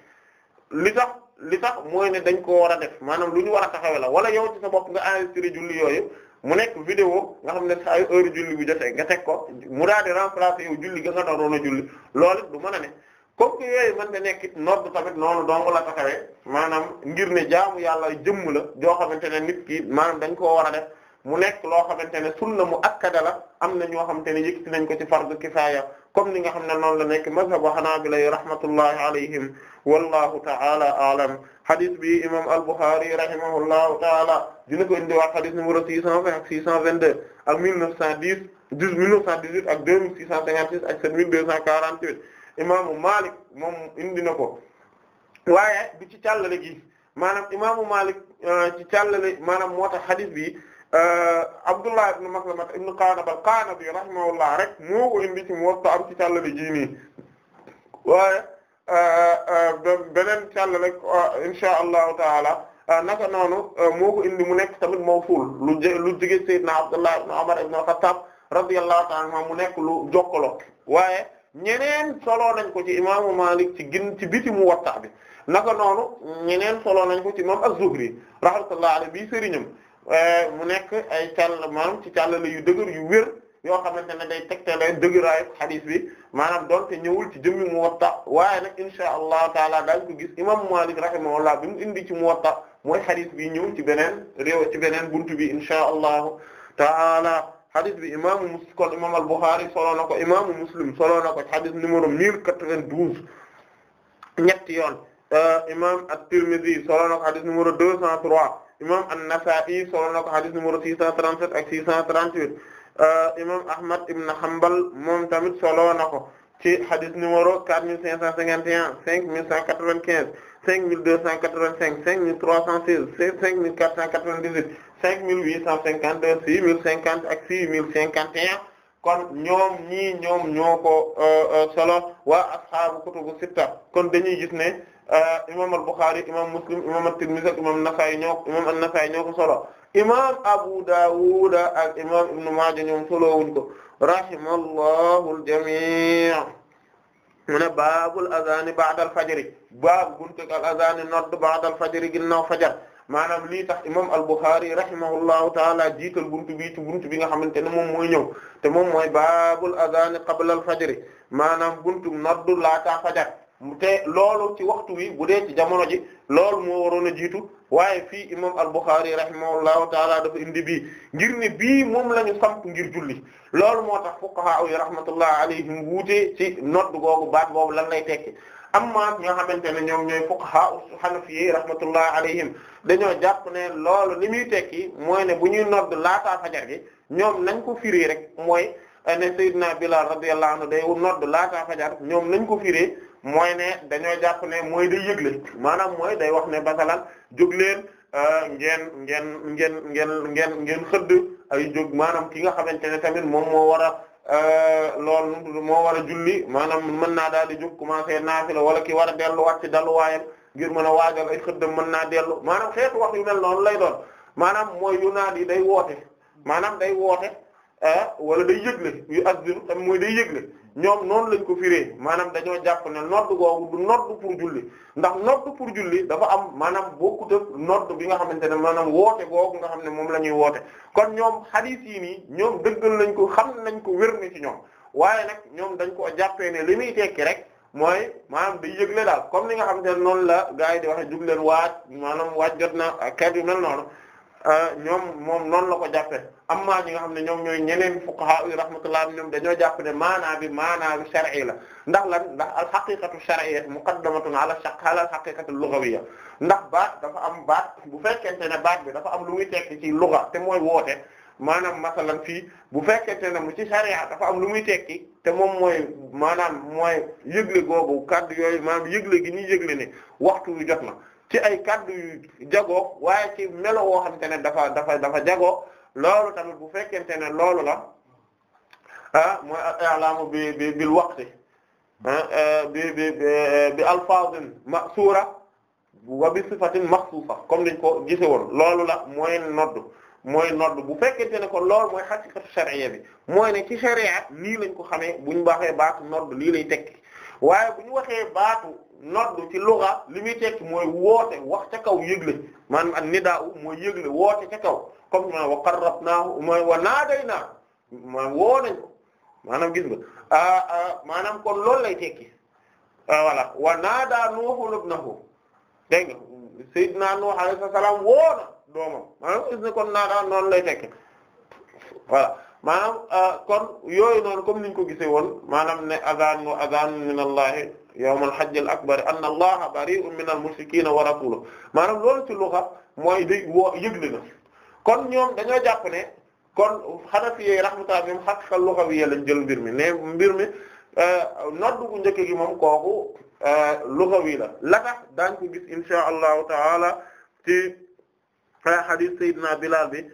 li tax li tax mooy ne dañ koo war a def maanaam lu ñu war a taxawee la wala yow ci sa bopp nga enregistré julli yooyu mu nekk vidéo nga xam ne saa yu heure julli bu jotee nga teg ko mu daal di remplacer yow julli ga nga naroon a julli loolu du mën a ne comme que yooyu man da nekk nodd tamit noonu dong la taxawee maanaam ngir ne jaamu yàlla jëmm la joo xamante ne nit ki maanaam dañ koo war a def mu nekk loo xamante ne sunna mu akkada la am na ñoo xamante ne yëkkati nañ ko ci fardu kifaaya comme ni nga xam ne noon la nekk mazhabu hanabila rahmatullahi alayhim wallahu ta'ala a'lam hadith bi imam al-Bukhari rahimahullahu ta'ala dina ko indiwaat hadith numéro 620 ak 622 ak 1910 1918 ak 2656 ak imaamu Malik moom indi na ko waaye du ci càllale gi maanaam imaamu Malik euh, ci càllale maanaam moo tax hadith bi euh, Abdullah ibn Maslama ibn Qanab al-Qanabi rahimahullah rek moo ko indi ci Muwatta am ci càllale waaye euh, beneen càllale insha allahu taala naka noonu moo indi mu nekk tamit mawsul lu j lu jige Seydina Abdullah ibn Umar ibn Khattab ta'ala mu nekk lu jokkalo waaye ñeneen solo nañ ko ci imaamu Malik ci gin ci biti mu watta bi naka noonu ñeneen soloo nañ ko ci imam Az-Zuhri rahmatullahi alayhi bii sëriñam eh, mu nekk ay càll maanaam ci càllale yu dëgër yu wér yoo xamante ne day tegtale dëgëraayu xadiis bi maanaam te ñëwul ci jëmmi mu watta waaye nag insha allahu taala daañ ko gis imam Malik rahimahullah bi mu indi ci mu watta mooy xadiis bi ñëw ci beneen réew ci beneen buntu bi insha allahu taala xadis bi al-Bukhari solo na ko Muslim solo na ko xadis numéro 1092 ñetti yoon euh, imaam at-Tirmidhi solo na ko xadis numéro 203 imaam an-Nasa'i solo na ko xadis numéro 637 ak 638 euh, imaam Ahmad ibn Hanbal moom tamit solo na ko ci xadis numéro 4551 5195 5285 5316 5498 5852 6050 ak 6051 kon ñoom ñii ñoom ñoo ko euh, euh, solo waa ashaabu kutubu sitta kon dañuy gis ne euh, imam al-Bukhari imam Muslim imam at-Tirmidhi ak imam an-Nasa'i ñoo imam an-Nasa'i ñoo ko solo imam Abu Dawud ak imam Ibn Maaja ñoom solowuñ ko rahimallahu al-jami' mu ne baabul adhan ba'da al-fajr baabu buntu al azaan nodd ba'dal fajri ginnaaw fajar maanaam lii tax imam al-Bukhari rahimahullahu taala jiital buntu bi ci buntu bi nga xamante ne moom mooy ñëw te moom mooy baabul azaan qabla al-fajri maanaam buntu nodd laataa fajar te loolu ci waxtu wi bu dee jamono ji loolu moo waroon a jiitu waaye fii imam al-Bukhari rahimahullahu taala dafa indi bii ngir ni bi moom lañu ñu ngir julli loolu moo tax fuqaha yi rahmatullah alayhim wuute ci nodd googu baat boobu lan lay tekki amma ñoo xamante ne ñoom ñooy fuqaha hanafiyyi rahmatullah alayhim dañoo jàpp ne loolu li muy mooy ne bu ñuy nodd laataa fajar gi ñoom nañ ko firi rek mooy ne Seydina Bilal radiyallahu anhu day laataa fajar ñoom nañ ko firi mooy dañoo jàpp ne mooy day yëgle maanaam mooy day wax ne basalan jóg leen euh, ngeen ngeen ngeen ngeen ngeen ngeen xëdd ay jóg maanaam ki nga xamante ne tamit moom moo war a Euh, lool moo war julli maanaam mën naa daal di jóg commencé naafila wala ki war a delluwaat ci dalluwaayam ngir mën a waajal ay xëddam mën naa dellu maanaam xeetu wax yu mel noonu lay doon maanaam mooy yu naat day woote maanaam day woote ah, wala day yëgle yu as tam mooy day yëgle ñoom noonu lañ ko firee maanaam dañoo jàpp ne nodd googu du nodd pour julli ndax nodd pour julli dafa am maanaam bokkut ak nodd bi nga xamante ne maanaam woote googu nga xam ne moom la ñuy woote kon ñoom xadiis yi nii ñoom dëggal nañ ko xam nañ ko wér ni ci ñoom waaye nag ñoom dañ ko jàppee ne li muy tekki rek mooy maanaam day yëgle daal comme ni nga xamante ne noonu la gars yi di waxe jug leen waaj maanaam waaj jot na kër yu mel noonu Euh, ñoom moom noonu la ko jàppe amma ñi nga xam ne ñoom ñooy ñeneen fuqaha yi rahmatullah ñoom dañoo jàpp ne maanaam bi maanaa bi shar'i la ndax la ndax al haqiqatu shar'iyya muqaddamatun ala shaq ala al haqiqati lughawiyya ndax baat dafa am baat bu fekkente ne baat bi dafa am lu muy tekki ci lugha te mooy woote maanaam masalan fii bu fekkente ne mu ci sharia dafa am lu muy tekki te moom mooy maanaam mooy yëgle googu kàddu yooyu maanaam yëgle gi ñuy yëgle ne waxtu wi jot na ci ay kaddu yu jagoo waaye ci melo woo xamante ne dafa dafa dafa jagoo loolu tamit bu fekkente ne loolu la ah, mooy alaamu bi bi bil waqti ah, eh, bi bi bi alfaazin suura wa bi sifatin maxsuusa comme niñ ko gise woon loolu la mooy nodd mooy nodd bu fekkente ne ko lool mooy xaqiqatu shar'iyya bi mooy ne ci sharia nii lañ ko xamee ñu waxee baatu nodd lii lay tekki waaye bu ñu waxee baatu nodd ci luga li muy tekki mooy woote wax ca kaw yëgle maanaam ak nidaa mooy yëgle woote ca kaw comme maanaam wa qarrabnaahu mooy wa naadaynaahu maanaam woo nañ ko maanaam gis nga maanaam kon loolu lay tekki voilà wa naadaa nuuhun ibnahu dégg nga sayyidina Nuh alayhi salaam woo na doomam maanaam gis nga kon naadaa noonu lay tekki voilà kon yooyu noonu comme niñ ko gisee woon maanaam ne azaan wa azaan min allahi yawmal hajjil akbar anna allaha bari'un minal mushrikina wa rasuluhu maanaam loolu ci lugha mooy day na kon ñoom dañoo jàpp ne kon hanafiyye rahmatullah ñoom hatta lughawiyya lañ jël mbir mi ne mbir mi euh, noddu gu njëkk gi moom kooku euh, lughawi la la tax daañ ko gis insha allahu taala ci euh, hadith sayyidina Bilal bi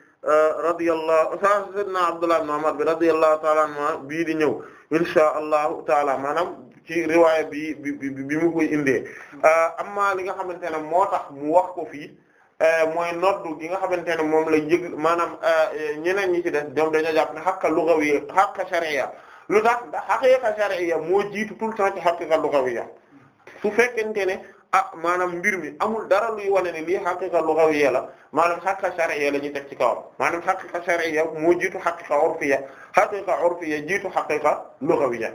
radiyallahu sayyidina Abdullah bi radiyallahu taala anhuma di ñëw insha allahu taala maanaam ci riwaaya bi bi bi mu koy indee ah, maa li nga xamante ne moo tax mu wax ko fii eh, mooy noddu gi nga xamante ne moom la yëg maanaam eh, ñeneen ñi ci des ñoom dañoo jàpp ne xàqa lugawiya xàqa lu tax ndax xaqiqa shar'iyya moo jiitu tout le temps ci xaqiqa lugawiya su fekkente ne ah maanaam mbir mi amul dara luy wane ne lii xaqiqa lughawiyya la maanaam xaqiqa shar'iyya la ñuy teg ci kawam maanaam xaqiqa shar'iyya moo jiitu xaqiqa urfiyya xaqiqa urfiyya jiitu xaqiqa lughawiyya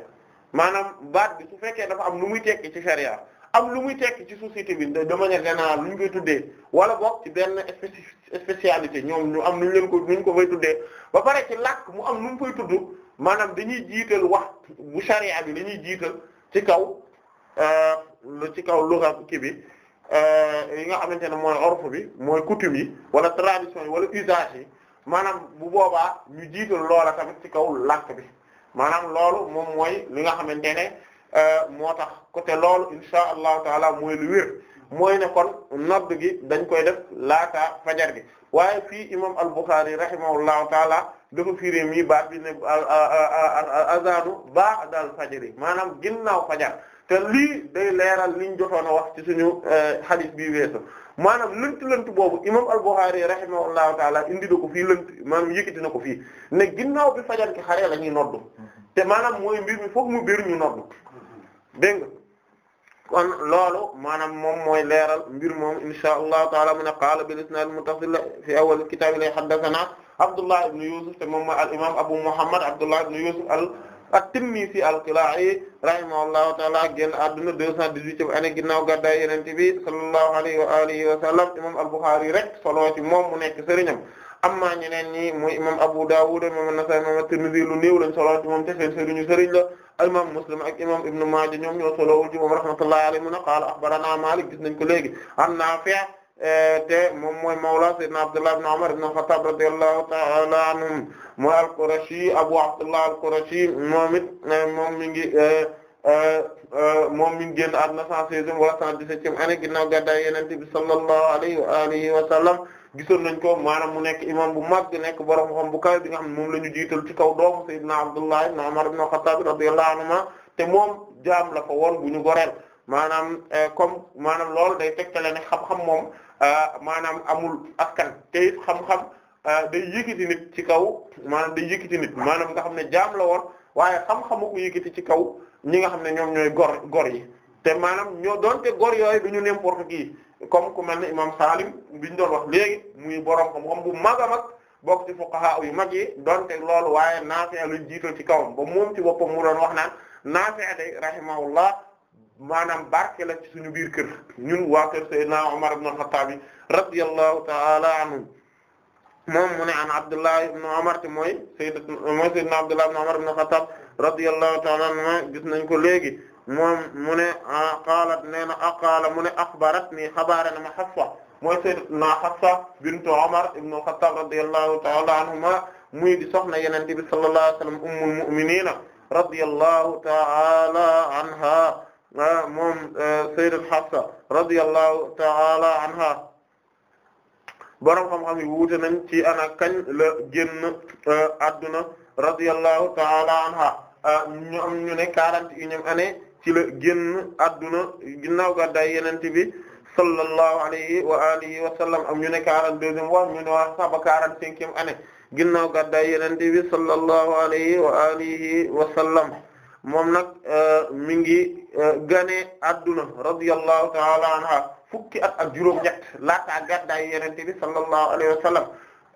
maanaam baat bi su fekkee dafa am lu muy tekki ci sharia am lu muy tekki ci société bi de manière générale lu ñu koy tuddee wala boog ci benn spécialité ñoom ñu am nu ñu leen ko nu ñu ko fay tuddee ba pare ci làkk mu am nu mu fay tudd maanaam dañuy jiital wax bu sharia bi dañuy jiital ci kaw euh, ci kaw luga kii bi euh, yi nga xamante ne mooy orf bi mooy coutume yi wala tradition yi wala usage yi maanaam bu boobaa ñu jiital loola tamit ci kaw làkk bi maanaam loolu moom mooy li nga xamante ne moo tax côté loolu insha allahu taala mooy lu wér mooy ne kon nodd gi dañ koy def laata fajar gi waaye fii imam al-Bukhari rahimahullahu taala dafa firé mi baat bi ne a azanu ba'dal fajri maanaam ginnaaw fajar te lii day leeral liñ jotoon a wax ci suñu hadith eh, bi maanam maanaam lënt lënt boobu imam al-Bukhari rahimahullahu taala indi na ko fii lënt maanaam yëkkati na ko fii ne ginnaaw bi fajar ki xaree la ñuy noddu te maanaam mooy mbir mi foog mu biir ñu noddu dégg kon loolu maanaam moom mooy leeral mbir moom insha allahu taala mu ne qaala bil isnad muttasil fi awwal kitaab li haddathana Abdullah ibn Yusuf te moom al imam Abu Muhammad Abdullah ibn Yusuf a tinnisi al-Qala'i rahimahullahu ta'ala génn àdduna deux cent dix-huitième année ginnaaw gàddaay Yonent bi sallallahu alayhi wa alihi imam al-Bukhari rek solo moom mu nekk sëriñam amma ñeneen ñi muy imam Abu Dawud imam An-Nasa'i imam At-Tirmidhi lu néew lañ moom te seen sëriñu sëriñ la imam Muslim ak imam Ibn Maaja ñoom ñoo solowul moom rahmatullahi alayhi mu ne qaala akhbarana Maalik gis nañ ko léegi an Eh, te moom mooy mawla sayyidina Abdullah ibn Umar ibn al-Khattab radiyallahu ta'ala anhum mooy al Abu Abdullah al moom it eh, moom mi ngi eh, moom mi ngi génn àdduna 116 wala 117 année ginnaaw gàddaay Yonent bi sallallahu alayhi wa alihi wa nañ ko maanaam mu nekk imam bu mag nekk borom xam bu kaw bi nga xam moom la ñu jiital ci kaw doomu sayyidina Abdullah ibn Umar ibn al-Khattab radiyallahu anhuma te moom jaam la ko woon bu ñu goreel maanaam comme maanaam loolu day tegtale ne xam moom Ah, maanaam amul askan te it xam-xam ah, day yëkkati ci kaw maanaam day yëkkati nit maanaam nga xam ne jaam la woon waaye xam-xamu ko yëkkati ci kaw ñi nga xam ne ñoom ñooy gor gor yi te maanaam ñoo doonte gor yooyu du ñu n'importe qui comme ku mel ne imam Salim biñ doon wax léegi muy borom xam-xam bu mag a mag bokk ci fuqaha yu mag yi donte loolu waaye Naafi' luñ jiital ci kawam ba moom ci boppam mu doon wax naan Naafi' day rahimahullah maanaam barke la ci suñu biir kër ñun waa kër Seydina Umar ibn al-Khattab radiyallahu ta'ala anhu moom mu ne an Abdullah ibn Umar te mooy Seydina mooy Seydina Abdullah ibn Umar ibn al-Khattab radiyallahu ta'ala anhu gis nañ ko léegi moom mu ne qaalat nee na aqaala mu ne axbaratni xabaara na ma Hafsa mooy Seydina Hafsa bintu Umar ibn al-Khattab radiyallahu ta'ala anhuma muy di soxna Yonent bi sallallahu alayhi wa sallam ummul mu'minina radiyallahu ta'ala anha moom eh, sayyidat Hafsa radiyallahu ta'ala anha borom xam-xam yi wuute nañ ci ana kañ la génn adduna eh, radiyallahu ta'ala anha am eh, ñu ne quarante et unième année ci la génn adduna ginnaaw gàddaay Yonent bi sallallahu alayhi wa alihi am ñu ne quarante-deuxième wax ñu ne wax sax ba quarante-cinquième année ginnaaw gàddaay Yonent bi sallallahu alayhi wa alihi moom nag euh, mi ngi euh, gane adduna radiyallahu ta'ala anha fukki at ak juróom-ñett laataa gàddaay yonent bi sallallahu alayhi wa sallam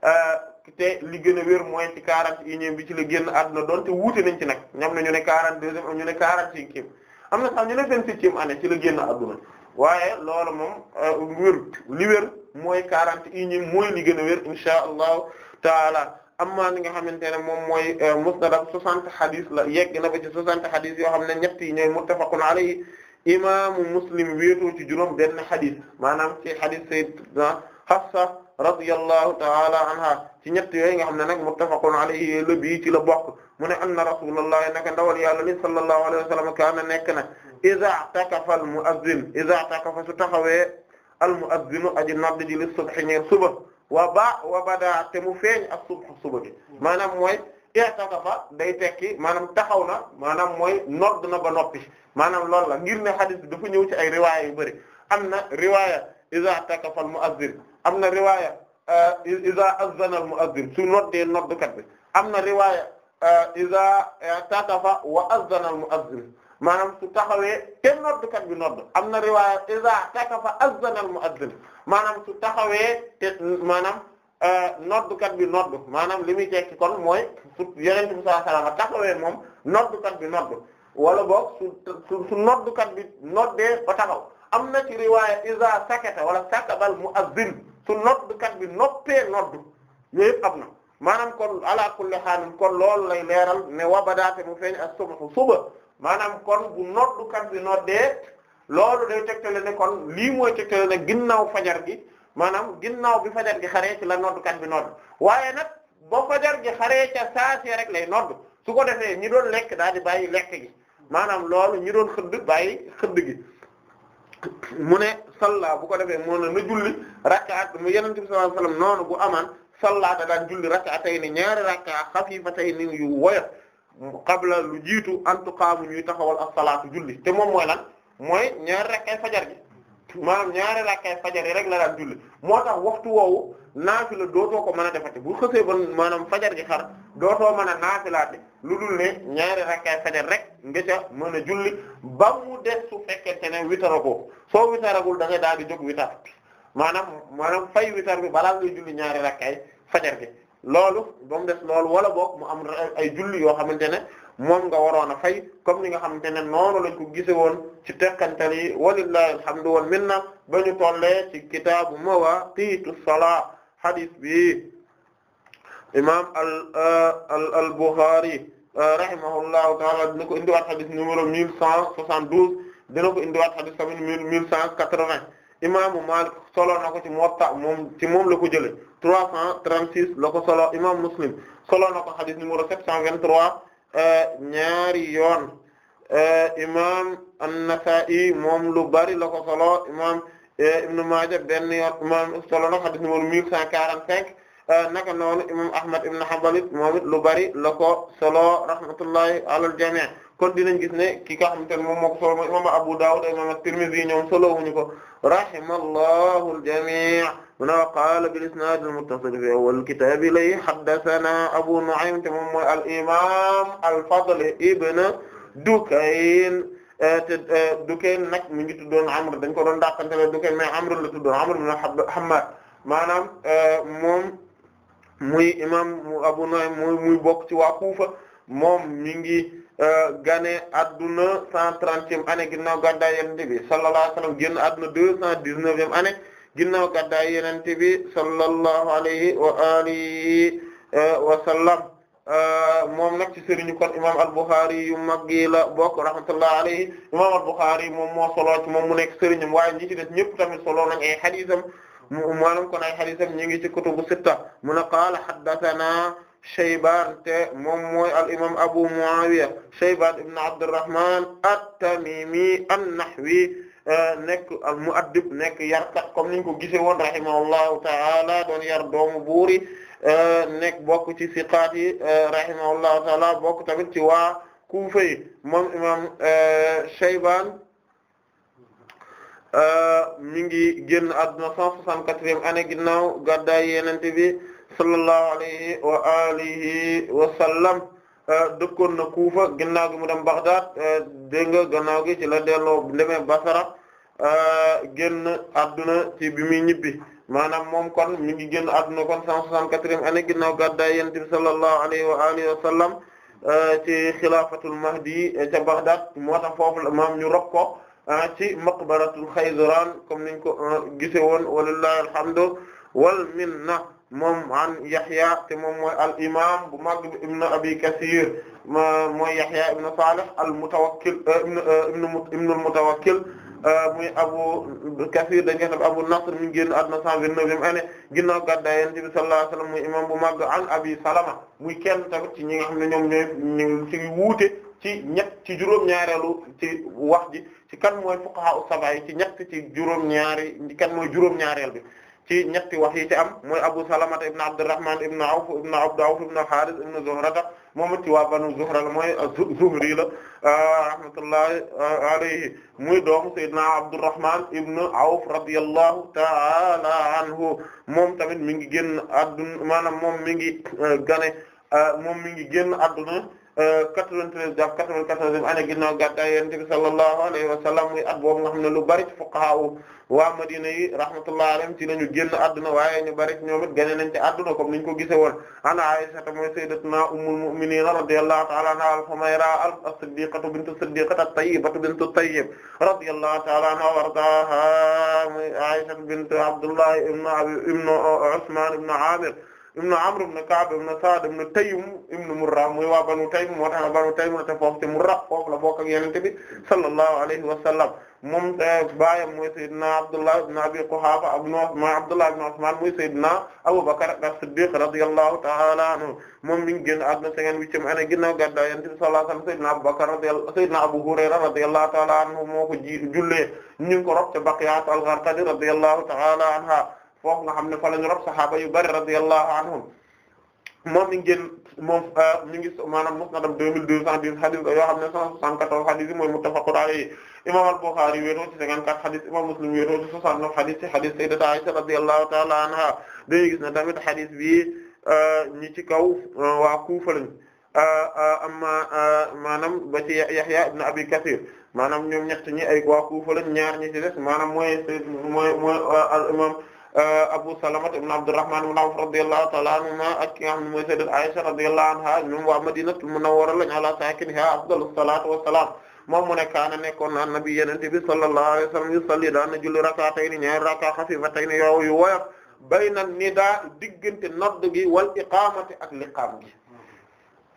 euh, te li gën a wér mooy ci quarante et unième bi ci la génn adduna doon te wuute nañ ci nag ñam na ñu ne quarante deuxième am ñu ne quarante cinquième am na sax ñu ne vingt-septième année ci la génn adduna waaye loolu moom wér li wér mooy quarante et unième mooy li gën a insha allahu taala amma li nga xamante ne moom mooy euh, musnadam soixante hadis la yegg na ba ci soixante hadis yoo xam ne ñett yi ñooy muttafaqun alayhi imaamu muslim wéetoo ci juróom benn hadis maanaam ci hadis sayyidina Hafsa radiyallahu ta'ala anha ci ñett yooyu nga xam ne nag muttafaqun alayhi la bii ci la bokk mu ne anna rasulullahi naka ndawal yàlla li sallallahu alayhi wa sallam kaana nekk na iza takafa al mu'azzin iza takafa su taxawee al mu'azzinu aji nodd ji li subhi ñeer suba wa ba wa badaa te mu feeñ ak sub suba bi hmm. maanaam mooy i'takafa day tekki maanaam taxaw na maanaam mooy nodd na ba noppi maanaam loolu la ngir ne hadith bi dafa ñëw ci ay riwaaya yu bëri am na riwaaya iza takafa al mu'azzin am na riwaaya uh, iza azzana al mu'azzin su noddee noddkat bi am na riwaaya uh, iza uh, takafa wa azzana al mu'azzin maanaam su taxawee te noddkat bi nodd am na riwaaya iza takafa azzana al mu'azzin maanaam su taxawee te maanaam euh, noddukat bi noddu maanaam li muy tekki kon mooy su yonent bi sallallahu taxawee moom noddukat bi noddu wala boog su su noddukat bi noddee ba taxaw am na ci riwaaya iza sakata wala sakabal mu'azzin su noddukat bi noppee noddu yooyu yëpp am na maanaam kon ala kulli haal kon loolu lay leeral ne wabadaate mu feeñ as-subhu suba maanaam kon bu noddukat bi noddee loolu day tegtale ne kon lii mooy tegtale ne ginnaaw fajar gi maanaam ginnaaw bi fajar gi xaree ci la noddukat bi nodd waaye nag boo fajar gi xaree ca saasi rek lay nodd su ko defee ñi doon lekk daal di bàyyi lekk gi maanaam loolu ñi doon xëdd bàyyi xëdd gi mu ne salla bu ko defee moo ne na julli rakkaat mu Yonent bi sallallahu alayhi wasallam noonu bu amaan salla da daan julli rakkaatay ni ñaari rakkaat xafiifatay ni yu woyof qabla lu jiitu an tuqaamu ñuy taxawal as-salaatu julli te moom mooy lan mooy ñaari rakkay fajar gi maanaam ñaari rakkay fajar gi rek la daan julli moo tax waxtu woowu naafila dootoo ko mën a defati bu xësee ba maanaam fajar gi xar dootoo mën a naafilaate lu dul ne ñaari rakkay fajar rek nga ca mën a julli ba mu des su fekkente ne witaragoo soo witaragul da ngay daal di jog witar maanaam maanaam fay witar bi balaa ngay julli ñaari rakkay fajar gi loolu ba des loolu wala boog mu am ay julli yoo xamante ne moom nga waroon a fay comme ni nga xam ne noonu lañ ko gise woon ci tekkantal yi walillahi alhamdu wal minna ba ñu tollee ci kitaabu mawaaqiitu salaa hadith bi imaam al euh, al al Bukhari euh, rahimahullahu taala dina ko indiwaat hadith numéro mille cent soixante douze dina ko indiwaat hadith tamit mille cent quatre vingt imaamu Maalik solo na ko ci Muwatta moom ci moom la ko jëlee trois cent trente six la ko solo imam Muslim solo na ko hadith numéro sept cent vingt trois. ñaari yoon imam an-Nasa'i moom lu bari la ko solo imam e, Ibn Maaja benn yoon imam solo na hadith numéro mille cent quarante-cinq naka noonu imam Ahmad ibn Hanbal moom lu bari la ko solo rahmatullahi ala al kon dinañ gis ne ki nga xamante ne moom moo ko solo mooy imam Abu Dawud imam At-Tirmidhi ñoom solo wuñu ko rahimallahu al-jami' wa qala bil isnad al-muttasil fi awwal kitab ilay haddathana Abu Nu'aym te moom mooy al-imam al-Fadl ibn Dukayn te Dukayn nag mi ngi tuddoon Amr dañ ko doon dàqanteel Dukayn mais Amr la tuddoon Amr ibn Hammad maanaam e, moom muy imam Abu Nu'aym muy bokk ci waa Kufa moom mi ngi Euh, gane adduna cent trentième année ginnaaw gàddaay yenente bi sallallahu alayhi wa sallam génn adduna deux cent dix ginnaaw gàddaay yenente bi sallallahu alayhi wa alihi euh, wa sallam euh, moom nag ci sëriñu kon imam al-Bukhari yu mag yi la bokk rahmatullahi alayhi imam al-Bukhari moom moo solo moom mu nekk sëriñam waaye ñi ci def ñëpp tamit solo nañ ay hadisam kon ay hadisam ñu ngi ci kutubu sitta mu qaala haddathana Shaybaan te moom mooy al imaam Abu Muawiya Shaybaan ibn Abdurrahman at-Tamimi an-Nahwi eh, nekk al mu'addib nekk yarkat comme niñ ko gisee woon rahimahullahu ta'ala doon yar doomu buuri eh, nekk bokk ci siqaat yi eh, rahimahullahu ta'ala bokk tamit ci waa Kuufa yi moom imaam Shaybaan mi ngi génn àdduna 164e année ginnaaw gàddaay Yonent bi sallallahu alayhi wa alihi wa sallam euh, dëkkoon na Kufa ginnaaw gi mu dem Baghdad euh, dégg nga gannaaw gi ci la delloo demee Basra euh, génn adduna ci bi muy ñibbi maanaam moom kon mi ngi génn adduna kon 164e année ginnaaw gàddaay Yonent bi sallallahu alayhi wa alihi wa sallam ci xilaafatul mahdi ca Baghdad moo tax foofu la maam ñu rob ko ci maqbaratul Xayzuraan comme niñ ko gise woon walillahi alhamdu wal minna moom an Yahya te moom mooy al imam bu mag ibn Abi Kathir mooy Yahya ibn Salih al Mutawakkil euh, ibn euh, ibn al Mutawakkil euh, muy Abu Kathir dañu koy def Abu Nasr mi ngi génn àdduna 129e année ginnaaw gàddaay Yonent bi sallallahu alayhi wasallam muy imam bu mag an Abi Salama muy kenn tamit ci ñi nga xam ne ñoom ñooy ñu ngi wuute ci ñett ci juróom-ñaareelu ci wax ji ci kan mooy fuqaha u yi ci ñett ci juróom-ñaari kan mooy juróom-ñaareel bi. ci ñetti wax yi am mooy Abu Salamata ibn Abdurrahman ibn Awf ibn Abd Awf ibn Harith ibn Zuhrata moom it Banu Zuhra la mooy Zuhri euh, rahmatullahi euh, alayhi muy doomu Sayyidina Abdurrahman ibn Awf radiyallahu ta'ala anhu moom tamit mi ngi génn adduna maanaam moom mi ngi euh, gane moom mi ngi génn adduna 93 jàpp 94e année ginnaaw gàddaay Yonent bi sallallahu alayhi wa sallam muy at boobu nga xam ne lu bari ci fuqaha Madina yi rahmatullahi alayhim ci lañu génn adduna waaye ñu bari ci ñoom it na nañ ci adduna comme niñ ko gisee woon an Aisha mooy sayyidatuna ummul mu'minin radiyallahu ta'ala anha al-Humayra as-siddiqatu bintu siddiqati at-tayyibatu bintu tayyib radiyallahu ta'ala anha wardaha Aisha bint Abdullah ibn Abi ibn ibn Amr ibn Ka'b ibn Sa'd ibn Taym ibn Murra muy waa Banu Taym moo tax Banu Taym te foofu te Murra foofu la bokk ak Yonent bi sallallahu alayhi wa sallam moom baayam mooy Seydina Abdullah ibn Abi Quhafa ibn Uthman Abdullah ibn Uthman mooy Seydina Abu Bakr as-Siddiq radiyallahu ta'ala anhu moom mi ngi génn àdduna cinquante-huitième année ginnaaw gàddaay Yonent bi sallallahu alayhi wa sallam Seydina Abu Bakr radiyallahu Seydina Abu Hurayra radiyallahu ta'ala anhu moo ko ji jullee ñu ngi ko rob te Baqi'at ta'ala anha foofu nga xam ne fa la ñu rob saxaaba yu bari radiyallahu anhum moom mi ngi génn moom euh, mi ngi maanaam musnadam deux mille deux cent dix hadith yoo xam ne cent soixante-quatorze hadith yi mooy muttafaqun alayhi imam al-Bukhari wéetoo ci cinquante-quatre hadith imam Muslim wéetoo ci soixante-neuf hadith ci hadith sayyidati Aisha radiyallahu ta'ala anha dañuy gis ne tamit hadith bi euh, ñi ci kaw euh, waa Kufa lañ amma maanaam ba ci Yahya ibn Abi Kathir maanaam ñoom ñett ñi ay waa Kufa lañ ñaar ñi ci des maanaam mooy mooy mooy al imam Euh, Abu Salama ibn Abdurrahman ibn Awf radiyallahu ta'ala anhuma ak ki nga xam ne mooy sayyidat Aisha radiyallahu anha ñoom waa Madinatul Munawwara lañu ala saakiniha afdalus salaatu wassalaam moom mu ne kaana nekkoon na nabi yenente bi sallallahu alayhi wasallam yusalli daan na julli rak'atayn ñaari rak'a xafifatayni yow yu woyof bayna nidaa diggante nodd gi wal iqaamati ak liqaam gi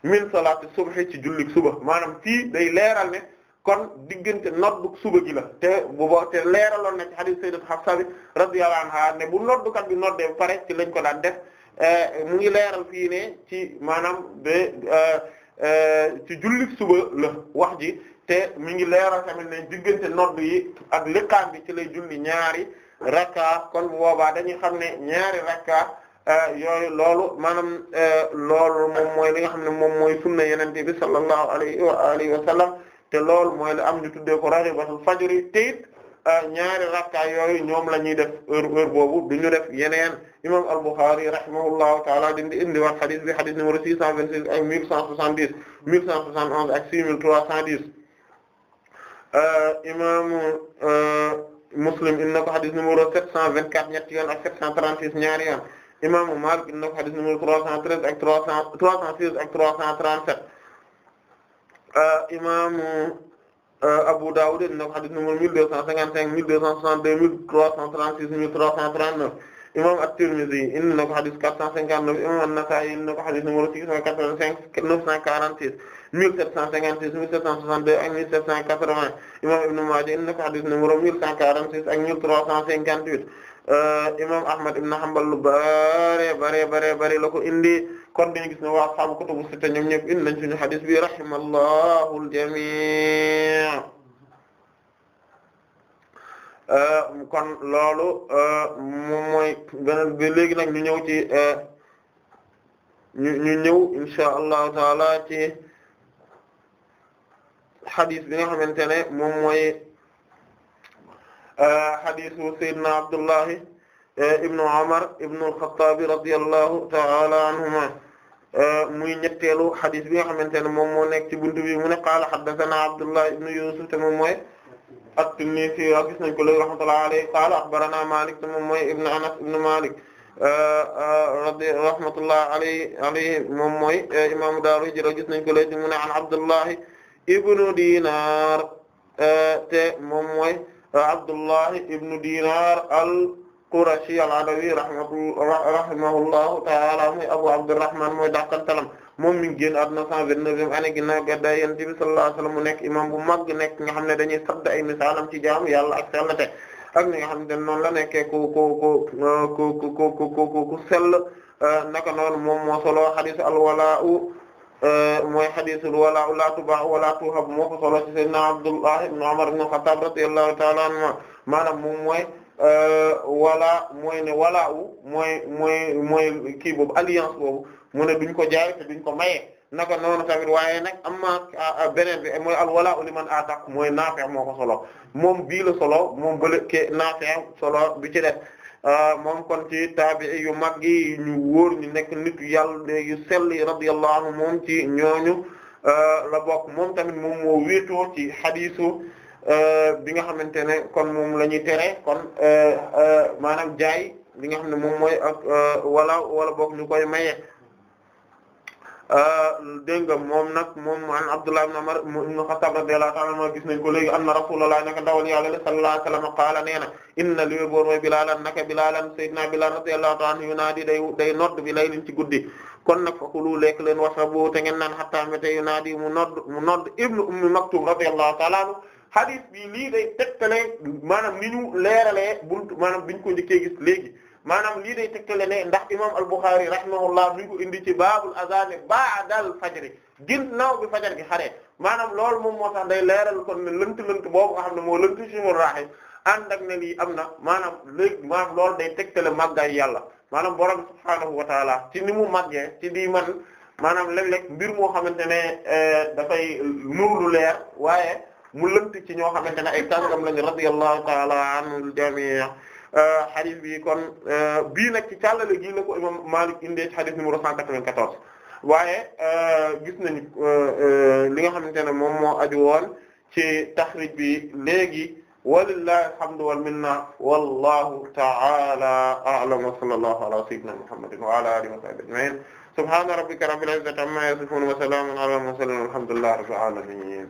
min salaati subhi ci julli suba maanaam fii day leeral ne kon diggante noddu suba gi la te bu boo te leeraloon na ci hadith sayyidat Hafsa bi radiyallahu ne bu noddukat bi noddee bu pare ci lañ ko daan def eh, mu ngi leeral fii ci maanaam de eh, eh, ci jullit suba la wax ji te mu ngi leeral tamit ne diggante noddu yi ak liqaam bi ci lay julli ñaari rakka kon bu boobaa dañuy xam ne ñaari rakka yooyu loolu maanaam loolu moom mooy li nga xam ne moom mooy sunna yenente bi sallallahu alayhi wa alihi wa sallam te loolu mooy la am ñu tuddee ko raxibatul fajri te it euh, ñaari rakka yooyu ñoom la ñuy def heure heure boobu du ñu def yeneen imam al-Bukhari rahimahullahu taala dindi indi waat xadis bi xadis numéro 626 ak 1170 1171 ak 6310 euh, imam euh, Muslim indi na ko xadis numéro 724 ñetti yoon ak 736 ñaari yoon imam Malik indi na ko xadis numéro 313 ak 300 306 ak 337 Euh, imaamu euh, Abu Dawud indi na ko xadis numéro mille deux cent cinquante cinq mille deux cent soixante deux mille trois cent trente six mille trois cent trente neuf imam At-Tirmidhi indi na ko xadis quatre cent cinquante neuf imam An-Nasa'i indi na ko xadis numéro six cent quatre vingt cinq neuf cent quarante six mille sept cent cinquante six mille sept cent soixante deux ak mille sept cent quatre vingt imam Ibn Maaja indi na ko xadis numéro mille cent quarante six ak mille trois cent cinquante huit Euh, imam Ahmad ibn Hanbal lu bare bare bare bare la ko indi kon dañu gis ne waa ashaabu kutubu sitta ñoom ñëpp indi nañ suñu hadith bi rahimallahu al-jamii' euh, kon loolu euh, moom mooy beneen bi léegi nag ñu ñëw ci ñu ñu ñëw insha taala ci hadith bi nga xamante ne moom mooy Eh, hadiisu Seydina Abdullahi eh, ibn Umar ibn al-Khattab radiyallahu ta'ala anhuma eh, muy ñetteelu hadis bi nga xamante ne moom moo nekk ci buntu bi mu ne qaala haddasanaa Abdullah ibn Yusuf te moom mooy at-Tinnisi wa gis nañ ko léegi rahmatullahi alayhi qaala axbaranaa Maalik te moom mooy ibn Anas ibn Maalik radi rahmatullahi alayhi alayhi moom mooy imaamu daaru hijra gis nañ ko léegi mu ne an Abdullahi ibn Diinaar te moom mooy Abdullah ibn Dinar al-Qurashi al-Adawi rahimahullahu ta'ala muy Abu Abdurrahman mooy dàqantalam moom mi ngi génn àdduna 129e année ginnaaw gàddaay Yonent bi sallallahu alayhi wa sallam mu nekk imam bu mag nekk nga xam ne dañuy sadd ay misaalam ci jaamu yàlla ak sellate ak ñi nga xam ne noonu la nekkee ko ku ko ko ku ku ku ku sell naka noonu moom moo solo hadith Euh, mooy hadiisul walaa laa tubaa walaa tuhab moo ko solo ci sayyidina Abdullah ibn Umar ibn Khattab radiyallahu ta'ala anhuma maanaam moom mooy euh, wala mooy ne walaa wu mooy mooy mooy kii boobu alliance boobu mu ne duñ ko jaay te duñ ko maye naka noonu tamit waaye nag amma beneen bi mooy al walaa liman ataq mooy Naafi' moo ko solo moom bii la solo moom bële ke Naafi' solo bi ci def Ah, moom kon ci taabii yu mag yi ñu wóor ñu nekk nit yàlla yu sell yi radiyallahu anhu moom ci ñooñu ah, la bokk moom tamit moom moo wéetoo ci xadiisu ah, bi nga xamante ne kon moom la ñuy tere kon maanaam jaay li nga xam ne moom mooy ak wala wala boog ñu koy maye Euh, dégg nga moom nag moom an Abdullah ibn Umar ibn Khattab radiyallahu ta'ala anhu gis nañ ko léegi anna Rasulullah naka dawal yàlla sallallahu alayhi wa sallam qaala nee na inna li boor mooy Bilalan naka Bilalan sayyidina Bilal radiyallahu ta'ala anhu yunaadi day day nodd bi laylin ci guddi kon nag fakulu lekk leen washrabu te ngeen naan hatta mete yunaadi mu nodd mu nodd ibnu Ummi Maktum radiyallahu ta'ala anhu hadith bi lii day tegtale maanaam ni ñu leeralee buntu maanaam biñ ko njëkkee gis léegi maanaam lii day tegtale ne ndax imam al-Bukhari rahimahullah mi ngi ko indi ci baabul azaan ba'dal fajr ginnaaw bi fajar gi xaree maanaam lool moom moo day leeral kon ne lënt lënt boobu nga xam ne moo lënt suñu raaxe ànd ak ne lii am na maanaam léegi maanaam loolu day tegtale màggaay yàlla maanaam borom subhaanahu wa ci ni mu màggee ci di man maanaam léeg mbir moo xamante ne eh, dafay nur leer waaye mu lënt ci ñoo xamante ne ay kàngam lañu radiyallahu taala jamii xadis euh, bi kon euh, bii nag ci càllale gii la ko imam Malik indee ci xadis numéro 194 waaye euh, gis nañu li nga xamante ne moom moo aju woon ci taxrij bi léegi walillahi alhamdu wal minna wallahu ta'ala a'lam wa sallallahu ala sayyidina muhammadin wa ala alihi wa sahbihi ajma'in subhana rabbika rabbil izzati amma yasifun wa salamun ala al mursalin walhamdulillahi rabbil alamin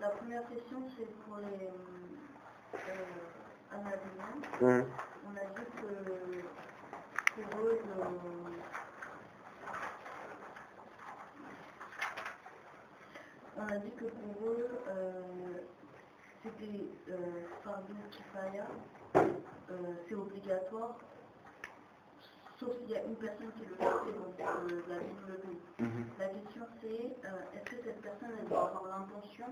La première question, c'est pour les euh, On a dit que pour eux, euh, c'était euh, fardu euh, c'est obligatoire sauf s'il euh, la ville le dit. La euh, de faire pour tout le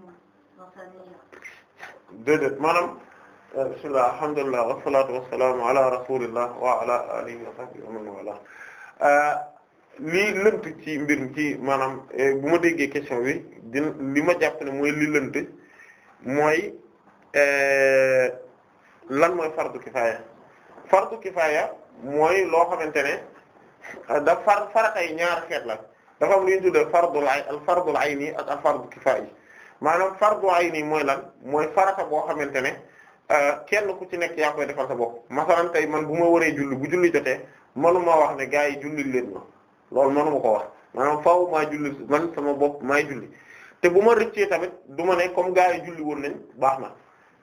monde dans sa maanaam euh, bismillah alhamdulillah wa ala alihi wa sahbihi man wala lii lënt ci mbir ci maanaam bu ma déggee question bi li ma jàpp ne mooy li lënt mooy lan mooy fardu kifaaya fardu kifaaya mooy loo xamante ne euh, da far faratay ñaar xeet la dafa am lu ñu tuddee fardul ay nii fardul ayni ak al fardu kifayi maanaam fardu nii mooy lan mooy farata boo xamante ne euh, kenn ku ci nekk yaa koy defal sa bopp masalan tey man bu ma waree julli bu julli jotee manuma wax ne gaa yi julli leen ma loolu manuma ko wax maanaam faaw maa julli man sama bopp maay julli te bu ma rëccee tamit du ma ne comme gaa yi julli woon nañ baax na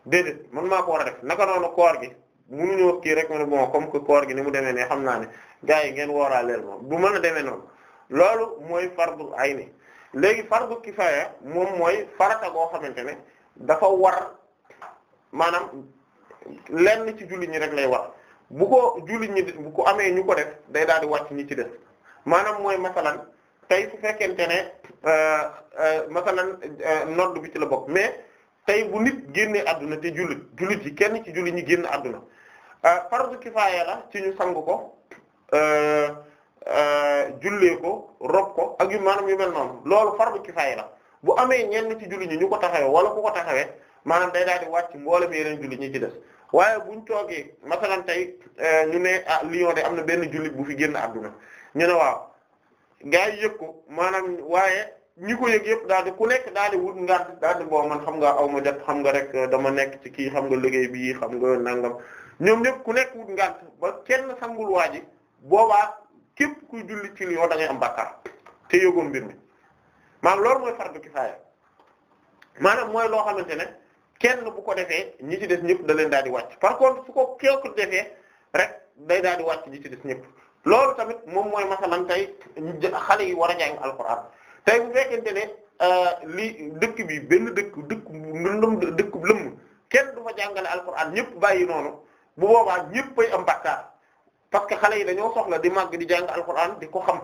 déedéet man maa ko war a def naka noonu koor gi mu munuñu wax kii rek ma ne bon comme que koor gi ni mu demee ne xam naa ne gars yi ngeen wooraaleel ma du mën a demee noonu loolu mooy fardu ayni léegi fardu kifaaya moom mooy farata goo xamante ne dafa war maanaam lenn ci jullit ñi rek lay wax bu ko jullit ñi bu ko amee ñu ko def day daal di wàcc ñi ci def maanaam mooy masalan tey su fekkente ne euh, euh, masalan euh, nodd bi ci la bokk mais tey bu nit génnee àdduna te jullit jullit yi kenn ci jullit ñi génn àdduna fardu euh, kifaaya la ci ñu sang ko euh, euh, jullee ko rob ko ak yu maanaam yu mel noonu loolu fardu kifaaya la bu amee ñenn ci julli ñi ñu ko taxawee wala ku ko taxawee maanaam day daal di wàcc mboolem yeneen julli ñi ci des waaye buñ toogee masalan tey ñu ne ah Lyon de am na benn jullit bu fi génn àdduna ñu ne waaw gars yi yëg ko maanaam waaye ñi ko yëg yëpp daal di ku nekk daal di wut ngar di boo man xam nga aw ma jot xam nga rek dama nekk ci kii xam nga liggéey bii xam nga nangam ñoom ñëpp ku nekk wut ngànt ba kenn sangul waa ji boobaa képp kuy julli ci lion da ngay am bàkkaar te yógoon mbir mi maanaam loolu mooy fardu kifaaya maanaam mooy loo xamante ne kenn bu ko defee ñi ci des ñëpp da leen daal di wàcc par contre su ko kéeku defee rek day daal di wàcc ñi ci def ñëpp loolu tamit moom mooy masalan tey xale yi war a jàng alxuraan tey bu fekkente ne euh, li dëkk bi benn dëkk dëkk lëndëm dëkk kenn du fa jàngale alxuraan ñëpp bàyyi noonu bu boobaa ñépp ay am bàkkaar parce que xale yi dañoo soxla di màgg di jàng alxuraan di ko xam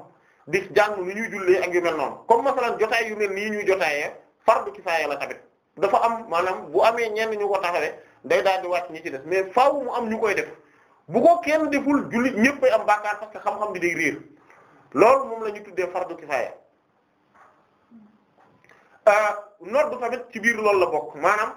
di jàng lu ñuy jullee ak yu mel noonu comme masalan jotaay yu mel nii ñuy jotaayee fardu kifaaya la tamit dafa am maanaam bu amee ñenn ñu ko taxawee day daal di wàcc ñi ci def mais faaw mu am ñu koy def bu ko kenn deful jullit ñépp ay am bàkkaar parce que xam-xam di day réer loolu moom la ñu tuddee fardu kifaaya euh, nodd tamit ci biir loolu la bokk maanaam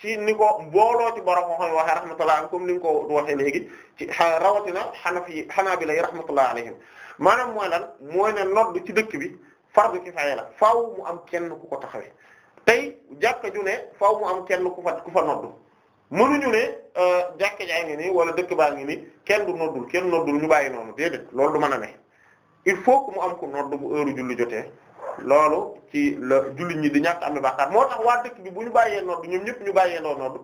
ci ni ko booloo ci borom moo xam ne waxee rahmatullah comme ni nga ko waxee léegi ci rawatina xanafi xanaabila yi rahmatullah alayhim maanaam mooy lan mooy ne nodd ci dëkk bi fardu kifaaya la faw mu am kenn ku ko taxawe tey jàkka ju ne faaw mu am kenn ku fa ku fa nodd mënuñu ne euh, jàkka jaa ngi nii wala dëkk baa ngi nii kenn du noddul kenn noddul ñu bàyyi noonu déedéet loolu du mën a ne il faut que mu am ku nodd bu heure julli jotee loolu ci la jullit ñi di ñàkk amee bàkkaar moo tax waa dëkk bi bu ñu bàyyee nodd ñoom ñëpp ñu bàyyee doo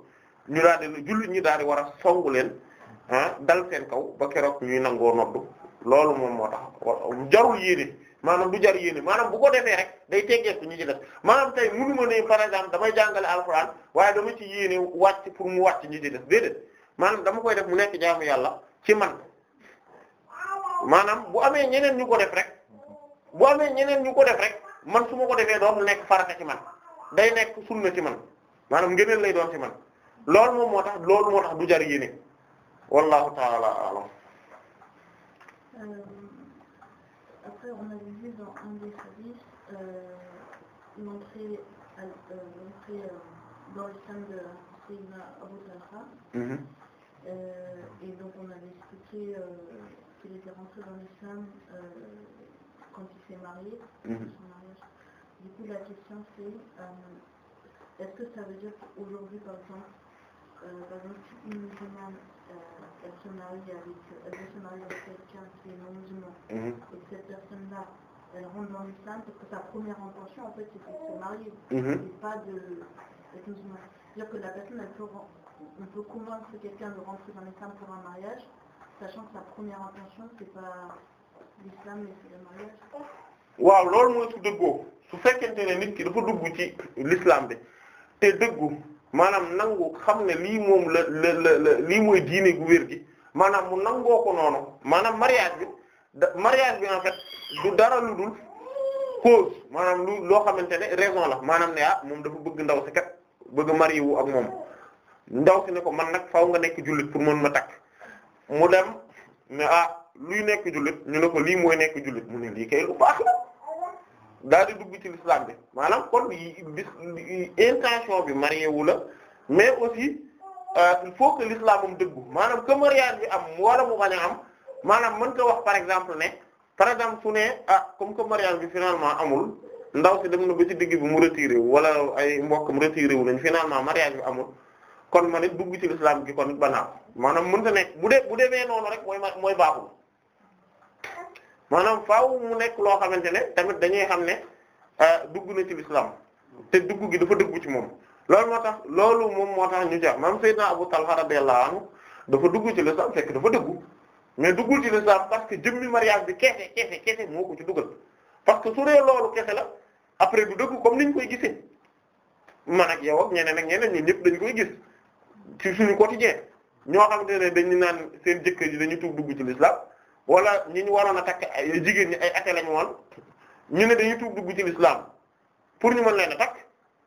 ñu daal di jullit ñi daal di war a songu leen ah dal teen kaw ba keroog ñuy nangoo noddu loolu moom moo tax jarul yéene maanaam du jar yéene maanaam bu ko defee rek day teggeeku ñi ci def maanaam tey mënu ma ne par exemple damay jàngale alxuraan waaye dama ci yéene wàcc pour mu wàcc ñi ci def déedéet maanaam dama koy def mu nekk jaamu yàlla ci man maanaam bu amee ñeneen ñu ko def rek bu amee ñeneen ñu ko def rek man su ma ko defee dootul nekk farata ci man day nekk sunna ci man maanaam ngëneel lay doon ci man lool moom moo tax loolu moo tax du jar yéene wallahu ta'ala a'lam. Euh, après on a vu dans un des hadiths l'entrée euh, l'entrée euh, dans le sein de Seydina Abou Talha. Mm-hmm. et donc on avait expliqué qu'il était Du coup, la question c'est, euh, est-ce que ça veut dire qu'aujourd'hui, par exemple, euh, par exemple, une musulmane, euh, elle se marie avec, elle veut se marier avec quelqu'un qui est non musulman, mm-hmm. et cette personne-là, elle rentre dans l'islam parce que sa première intention, en fait, c'était de se marier, mm-hmm. et pas de, d'être musulman. C'est-à-dire que la personne, elle peut, on peut convaincre quelqu'un de rentrer dans l'islam pour un mariage, sachant que sa première intention, c'est pas l'islam, mais c'est le mariage. waaw loolu mooy su dëggoo su fekkente ne nit ki dafa dugg ci l'islam bi te dëggu maanaam nangu xam ne lii moom la la la lii mooy diine gu wér gi maanaam mu nangoo ko noonu maanaam mariage bi da mariage bi en fait du dara lu dul cause maanaam lu loo xamante ne raison la maanaam ne ah moom dafa bëgg ndaw si bëgg a ak moom ndaw si ne ko man nag faaw nga nekk jullit pour mën ma takk mu dem ne ah. luy nekk jullit ñu ne ko lii mooy nekk jullit mu ne lii kay lu baax la daal di dugg ci l'islam bi maanaam kon intention bi marié wu la mais aussi euh, il faut que dëggu maanaam que mariage bi am wala mu bañ a am maanaam mën ko wax par exemple ne par exemple su ne ah comme que mariage bi finalement amul ndaw si dem na ba ci digg bi mu retiré wu wala ay mbokkam retiré wu nañ finalement mariage bi amul kon ma ne dugg ci l'islam gi kon banaa maanaam mënta nekk bu dee bu demee noonu rek mooy mooy baaxul maanaam faaw mu nekk loo xamante ne tamit dañuy xam ne euh, dugg na ci lislaam te dugg gi dafa dëggu ci moom loolu moo tax loolu moom moo tax ñu jax maam Seydina Abu Talha radiyallahu anhu dafa dugg ci lislaam fekk dafa dëggu mais duggul ci lislaam parce que jëmmi mariage bi keese keese keese moo ko ci dugal parce que su dee loolu keese la après du dëggu comme ni ñu koy gisee man ak yow ak ñeneen ak ñeneen ñun ñëpp dañ koy gis ci suñu quotidien ñoo xamante ne dañu naan seen jëkkër ji dañu tuub dugg ci lislaam wala ñi ñu waroon a takk jigéen ñi ay até lañu woon ñu ne dañuy tuub dugg ci l'islam pour ñu mën leen na takk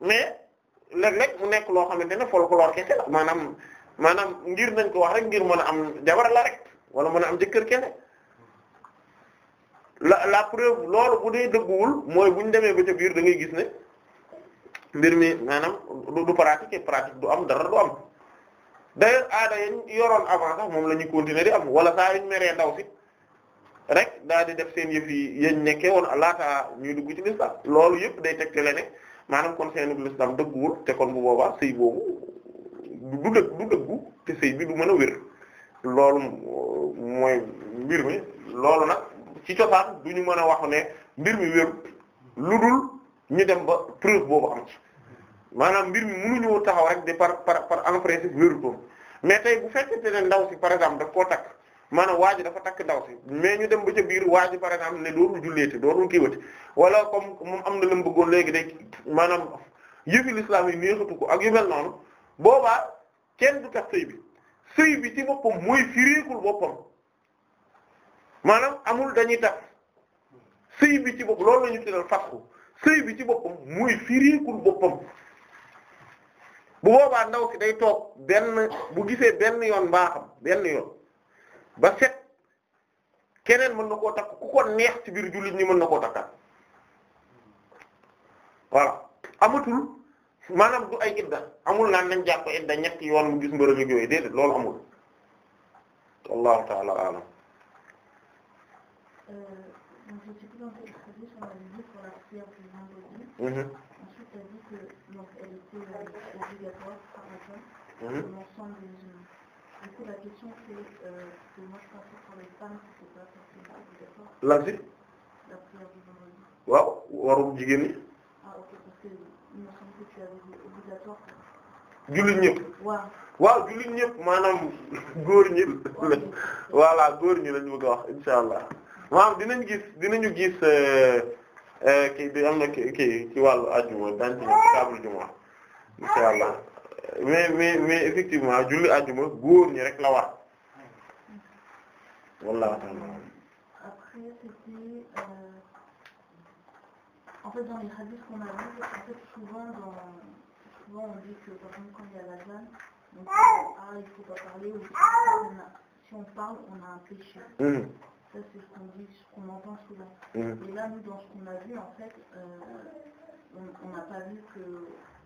mais léeg-léeg mu nekk loo xam ne folklore kese la maanaam maanaam ngir nañ ko wax rek ngir mën a am jabar la rek wala mën a am jëkkër kër la la preuve loolu bu dee dëgguwul mooy bu ñu demee ba ca biir da gis ne mbir mi maanaam du pratique pratique du am dara du am d'ailleurs aada yoroon avant sax moom la ñuy continuer di am wala saa yu ñu meree ndaw si rek daal def seen yëf yi yañ nekkee woon laata ñuy dugg ci l'islam loolu yëpp day tegtale ne maanaam kon seenug l'islam dëgguwul te kon bu boobaa sëy boobu du dëgg dëggu te sëy bi du mën a wér loolu mooy mbir mi loolu nag ci cosaan du ñu mën a wax ne mbir mi wér lu dul ñu dem ba preuve boobu am ci maanaam mbir mi mënuñoo taxaw rek de par par par en principe wérutoon mais tey bu fekkente ne ndaw si par exemple daf koo takk maanaam waa ji dafa takk ndaw si mais ñu dem ba ca biir waa ji par exemple ne dootul julleeti dootul kiiwati wala comme moom am na lu bëggoon léegi de maanaam yëfi l'islam yi neexatu ko ak yu mel noonu boobaa kenn du tax sëy bi sëy bi ci boppam mooy firéekul boppam maanaam amul dañuy tax bi ci bopp loolu la ñu tuddee fasxu sëy bi ci boppam mooy firéekul boppam bu boobaa ndaw ki day toog benn bu gisee benn yoon mbaaxam benn yoon. ba set keneen mën na koo takk ku ko neex ci biir jullit ni mën na koo takkaat voilà amatul maanaam du ay idda amul naan nañ jàpp idda ñetti yoon mu gis mbërëg ak yooyu déedéet loolu amul wallahu ta'ala a'lam euh, euh, euh, mm-hmm. Ensuite, coup, la question c'est, euh, que moi je pensais pour les femmes, c'est pas forcément obligatoire. La si La prière du vendredi. waaw warum jigéen ñi. ah ok parce que il me semble que tu avais dit obligatoire. jullit maanaam góor ñi. góor ñi lañ bëgg a wax insha maanaam dinañ gis dinañu gis euh, euh, kii kii kii ci wàllu ajjuma daañu ci ñëw mais mais mais effectivement julli àjjuma góor ñi rek la war wallahu ta'ala après c'était euh, en fait dans les hadiths qu'on a lus en fait souvent dans souvent on dit que par exemple quand il y a l'adhan donc ah il parler ou ah, si on parle on a un péché mmh. ça c'est ce dit qu'on entend souvent mmh. et là nous dans ce qu'on a en fait euh, on n'a pas que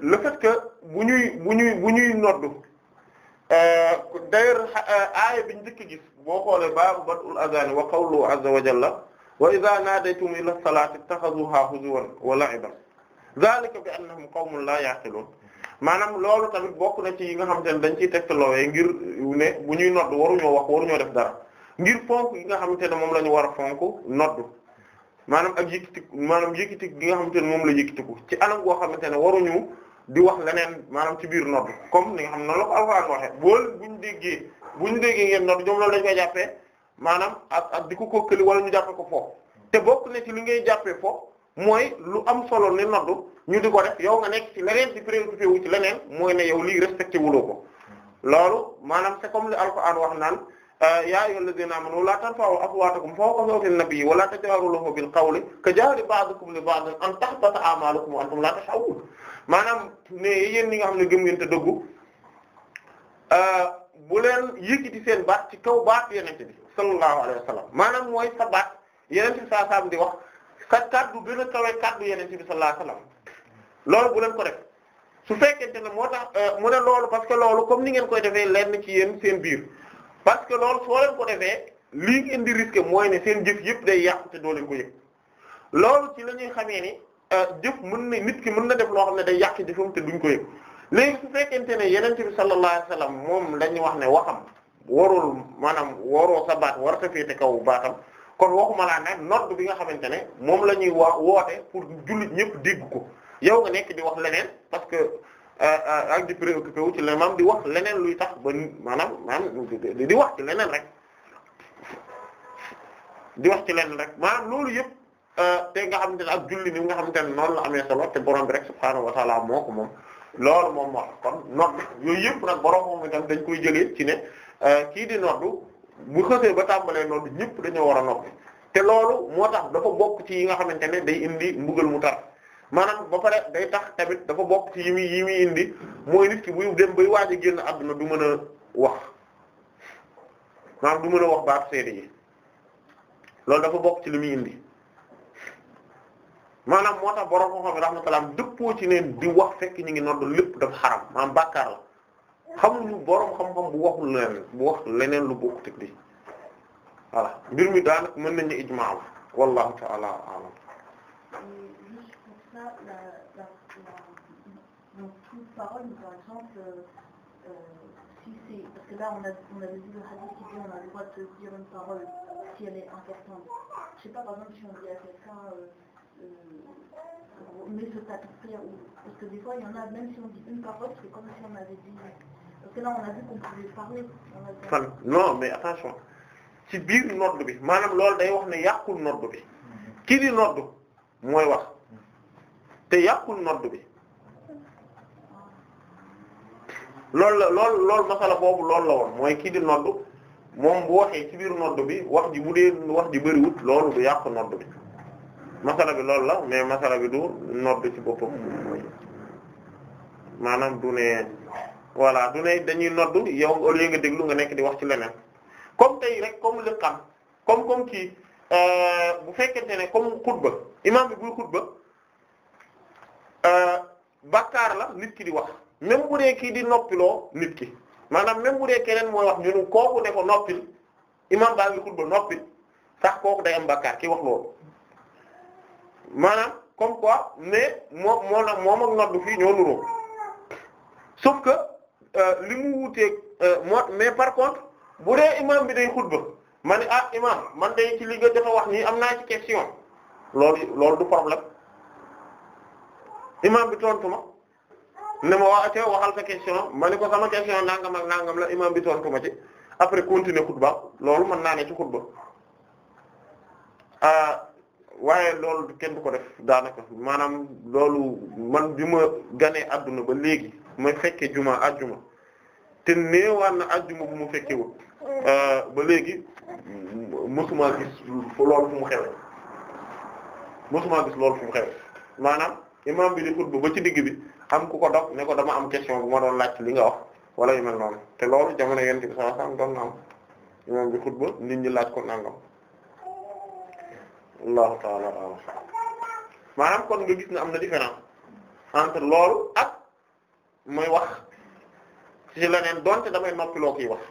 le fait que bu ñuy bu ñuy bu ñuy noddu euh, d'ailleurs euh, aaya bi njëkk gis boo xoolee baabu bad'ul azaan wa qawlu azza wa jalla wa idha nadaytum ila salaati ittakhadhuha huzuwan wa la'iban zalika bi annahum qawmun la ya'qilun maanaam loolu tamit bokk na ci yi nga xamante ne dañ ciy tegtaloowe ngir ne bu ñuy nodd waruñoo wax waruñoo def dara ngir fonk yi nga xamante ne moom la ñu war a fonk nodd maanaam ak yëkkati maanaam yëkkati gi nga xamante ne moom la yëkkatiku ci anam goo xamante ne waruñu di wax leneen maanaam ci biir nodd comme ni nga xam ne noonu la ko alxuraan waxee boole bu ñu déggee bu ñu déggee ngeen nodd ñoom loolu lañ koy jàppee maanaam ak ak di ko kokkali wala ñu jàppe ko foofu te bokk na ci li ngay jàppee foofu mooy lu am solo ni nodd ñu di ko def yow nga nekk ci leneen di préoccupé wu ci leneen mooy ne yow lii respecté wuloo ko loolu maanaam c'est comme li alxuraan wax naan euh, yaa ayyuhal ladina amanu laa tarfa'u aswaatakum fawqa sawti nabiyyi wa laa tajharu lahu bil qawli ka jahri ba'dikum li ba'din an tahbata a'malukum wa antum laa tash'urun maanaam ne yéen ñi nga xam ne gëm ngeen te dëggu euh, bu leen yëkkati seen baat ci kaw baat yenente bi sallallahu alayhi wa sallam maanaam mooy sa baat yenente bi saa saam di wax sa kaddu gën a kawe kaddu yenente bi sallallahu alayhi laa sallam loolu bu leen ko def su fekkee te ne moo tax euh, mu ne loolu parce que loolu comme ni ngeen koy defee lenn ci yéen seen biir parce que loolu soo leen ko defee lii ngeen di risqué mooy ne seen jëf yëpp day yàq te doo leen ko yëg loolu ci la ñuy xamee ni Euh, jëf mën na nit ki mën na dem loo xam ne day yàq jëfam te duñ ko yëg léegi su fekkente ne yeneen bi sallallahu alayhi wasallam moom lañu wax ne waxam warul maanaam waroo sa baat war a féete kaw baaxam kon waxuma laa nag nodd bi nga xamante ne moom la ñuy waa woote pour jullit ñëpp diggu ko yow nga nekk di wax leneen parce que euh, euh, ak di préoccupé ci leneen maanaam di wax leneen luy tax ba maanaam maanaam di wax ci leneen rek di wax ci leneen rek maanaam loolu yëpp Euh, te nga xamante ne ak julli ni nga xamante ne noonu la amee solo te borom bi rek subhaanahu wa moo ko moom loolu moom moo kon nodd yooyu yëpp nag borom moom itam dañ koy jëlee ci ne euh, kii di noddu bu xasee ba tàmbalee noddu ñëpp dañoo war a noppi te loolu moo tax dafa bokk ci yi nga xamante ne day indi mbugal mu tar maanaam ba pare day tax tamit dafa bokk ci yi muy yi muy indi mooy nit ki buy dem bay waaj a génn àdduna du mën a wax maanaam du mën a wax baat seede yi loolu dafa bokk ci li muy indi maanaam moo tax borom xam-xam rahmatullah dëppoo ci neen di wax fekk ñu ngi nodd lépp dafa xaram maanaam bàkkaar la xamuñu borom xam-xam bu leneen wax leneen lu bokkut ak lii mbir mi daal mën nañu ijmaa wallahu ta'ala a'lam. Donc Euh, mais mais attention ci biir nodd bi maanaam lool day wax ne yàqul nodd bi ki di nodd mooy wax te yàqul nodd bi loolu la loolu loolu masala boobu loolu la woon mooy ki di nodd moom bu waxee ci biir nodd bi wax ji bu dee wax ji bëriwut loolu du yàq nodd bi. masala bi loolu la mais masala bi du nodd ci boppam maanaam du ne voilà du dañuy nodd yow au lieu nga déglu nga nekk di wax ci leneen comme tey rek comme li xam comme comme kii euh, bu fekkente ne comme xutba imaam bi buy xutba euh, bàkkaar la nit ki di wax même bu dee kii di noppiloo nit ki maanaam même bu dee keneen mooy wax ñunu kooku ne ko noppil imaam baa ngi xutba noppil sax kooku day am bakkaar ki wax loolu maanaam comme quoi ne moom moo nag moom ak noddu fii ñoo nuroo sauf que euh, li mu wuuteeg euh, moo mais par contre bu dee imam bi day xutba ma ne ah imam man day ci li nga dafa wax nii am naa ci question loolu loolu du problème imam bi tontu ma ne ma waa te waxal sa question ma ne ko sama question nangam ak nangam la imam bi tontu ma ci après continuer xutba loolu mën naa ne ci xutba euh, waaye loolu kenn du ko def daanaka maanaam loolu man bi ma ganee adduna ba léegi ma fekkee juma ajjuma te néewaan na ajjuma bu mu fekke wut euh, ba léegi mosuma gis loolu fu mu xewe mosuma gis loolu mu xewe maanaam imam bi di xutba ba ci digg bi am ku ko dog ne ko dama am question bu ma doon laaj li nga wax wala yu mel noonu te loolu jamono yent bi sallallahu alayhi wasallam doon bi xutba nit ñi laaj ko nangam allahu taala alam maanaam kon nga gis am na différence entre loolu ak mooy wax ci leneen donte damay noppi loo kiy wax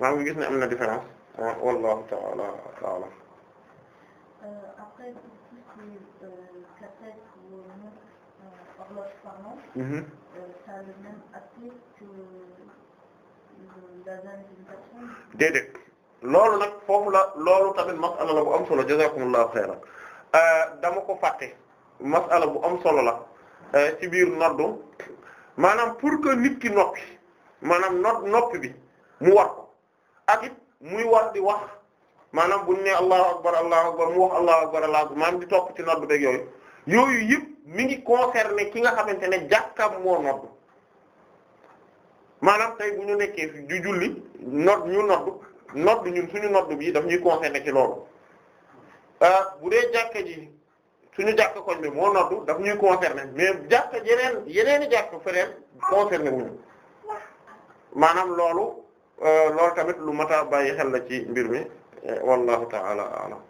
maanaam nga gis ne am na différence wallahu taala alam euh, après Mmh. loolu nag foofu la loolu tamit masala la bu am solo jazakumullahu xayran euh, dama ko fàtte masala bu am solo la euh, ci biir noddu maanaam pour que nit ki noppi maanaam nodd noppi bi mu war ko ak muy war di wax maanaam buñ ne allahu akbar allahu akbar mu wax allahu akbar allahu di topp ci noddu beeg yooyu yooyu mi ngi concerné ki nga xamante ne jàkkaam moo maanaam tey bu ñu nekkee fi ju julli noddu nodd ñun suñu nodd bii daf ñuy concerné ci loolu euh, bu dee jàkka ji suñu jàkka koñ bi moo nodd daf ñuy concerné mais jàkka yeneen yeneen i jàkka feneen concerné wuñu maanaam loolu euh, loolu tamit lu mat bàyyi xel la ci mbir mi euh, wallahu ta'ala a'lam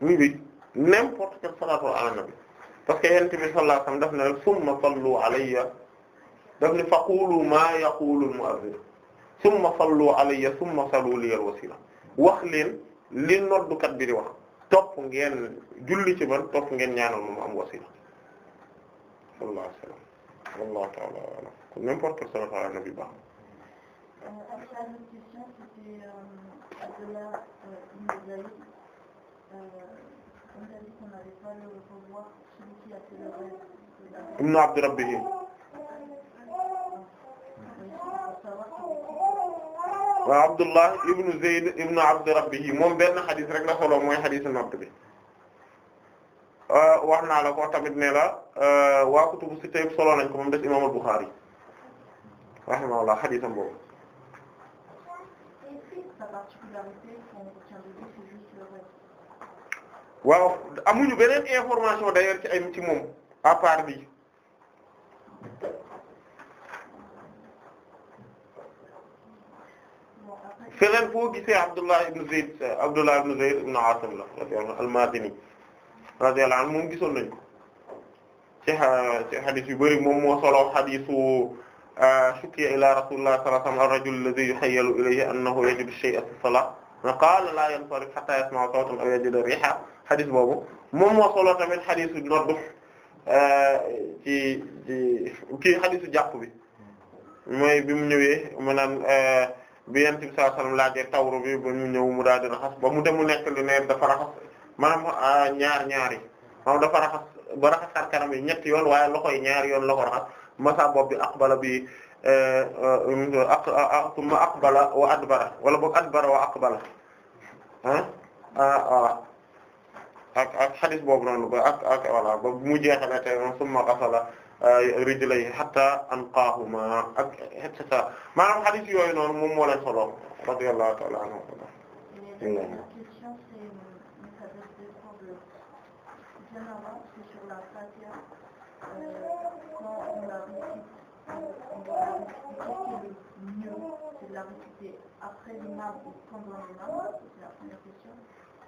oui oui n'importe quelle salaatu ala nabi parce que yonent bi sallallahu alayhi wa sallam daf ne rek summa sallu alayya daf ne faqulu ma yaqulu al-mu'adhdhin summa sallu alayya summa sallu li al-wasila wax leen li noddukat bi di wax topp ngeen julli ci ban topp ngeen ñaanal moom am wasila sallallahu alayhi wa sallam wallahu ta'ala a'lam n'importe quelle salaatu ala nabi baax Euh, après la même question, c'était euh, euh, Abdallah Ibn Zayd. moom benn xadis rek la solo mooy xadisu nopp bi wax naa la ko tamit ne la waa kutubu sitta solo nañ ko moom des imaam al-Bukhari rahimahullah xadisam boobu particularité qu'on retient de lui, c'est juste le rêve. waaw amuñu beneen information d'ailleurs ci ay ci moom à part bi feneen foo gisee Abdullah ibn Zayd Abdullah ibn Zayd ibn Asim la radiyallahu al-Madini radiyallahu anhu moom gisoon nañu ko ci ci hadith yu bari moom moo solo hadithu shukkiya ila rasulillah sallallahu alayhi wa sallam ar-rajul alladhi yukhayyalu ilayhi annahu yajidu shay'an fi salat wa qala la yansarif hatta yasma'a sawtan aw yajida riha xadis boobu moom moo solo tamit xadisu nodd ci ci kii xadisu jàpp bi mooy bi mu ñëwee mu naan bi yent bi sallallahu alayhi wa sallam laajee tawru bi ba mu ñëw mu daal di raxas ba mu dem mu nekk li ne dafa raxas maanaam ñaar ñaari maanaam dafa raxas ba raxas xar kanam yi ñetti yoon waaye loxo yi ñaari yoon la ko raxas masa bopp bi aqbala bi eh, eh, eh, summa aqbala wa adbara wala boog adbara wa aqbala ah ah ak ak xadis boobu noonu ba ak ak voilà ba mu jeexale te summa qasala rijlayhi hatta anqaahuma ak et cetera maanaam xadis yooyu noonu moom moo leen solo radiyallahu ta'ala anhu euh, sur la pratique quand on a réussi, on va expliquer le mieux, c'est de la réciter après l'imam ou pendant l'imam, c'est la première question.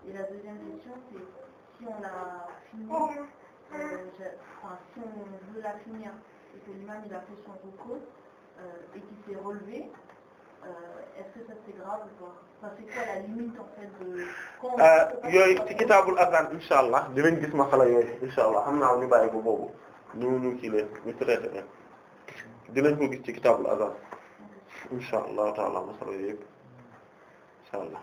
Et la deuxième question, c'est si on la finit, si on veut la finir et que l'imam il a fait son recours euh, et qu'il s'est relevé, euh, est-ce grave ou pas enfin, c'est quoi la limite en fait de. yooyu ci kitaabul azan incha allah dinañ gis masala yooyu incha allah xam naa ñu bàyyi ko boobu. ñu ñu ci leen ñu traité leen dinañ ko gis ci kitaabul azan insha allah taala masala yëpp insha allah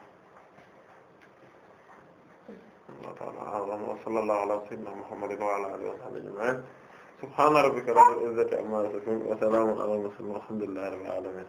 allah taala alam wa sallallahu ala sayyidina muhammadin wa ala alihi wa sahbihi ajma'in subhana rabbika rabbil izzati amma yasifun wa salamun ala al mursalin walhamdulillahi rabbil alamin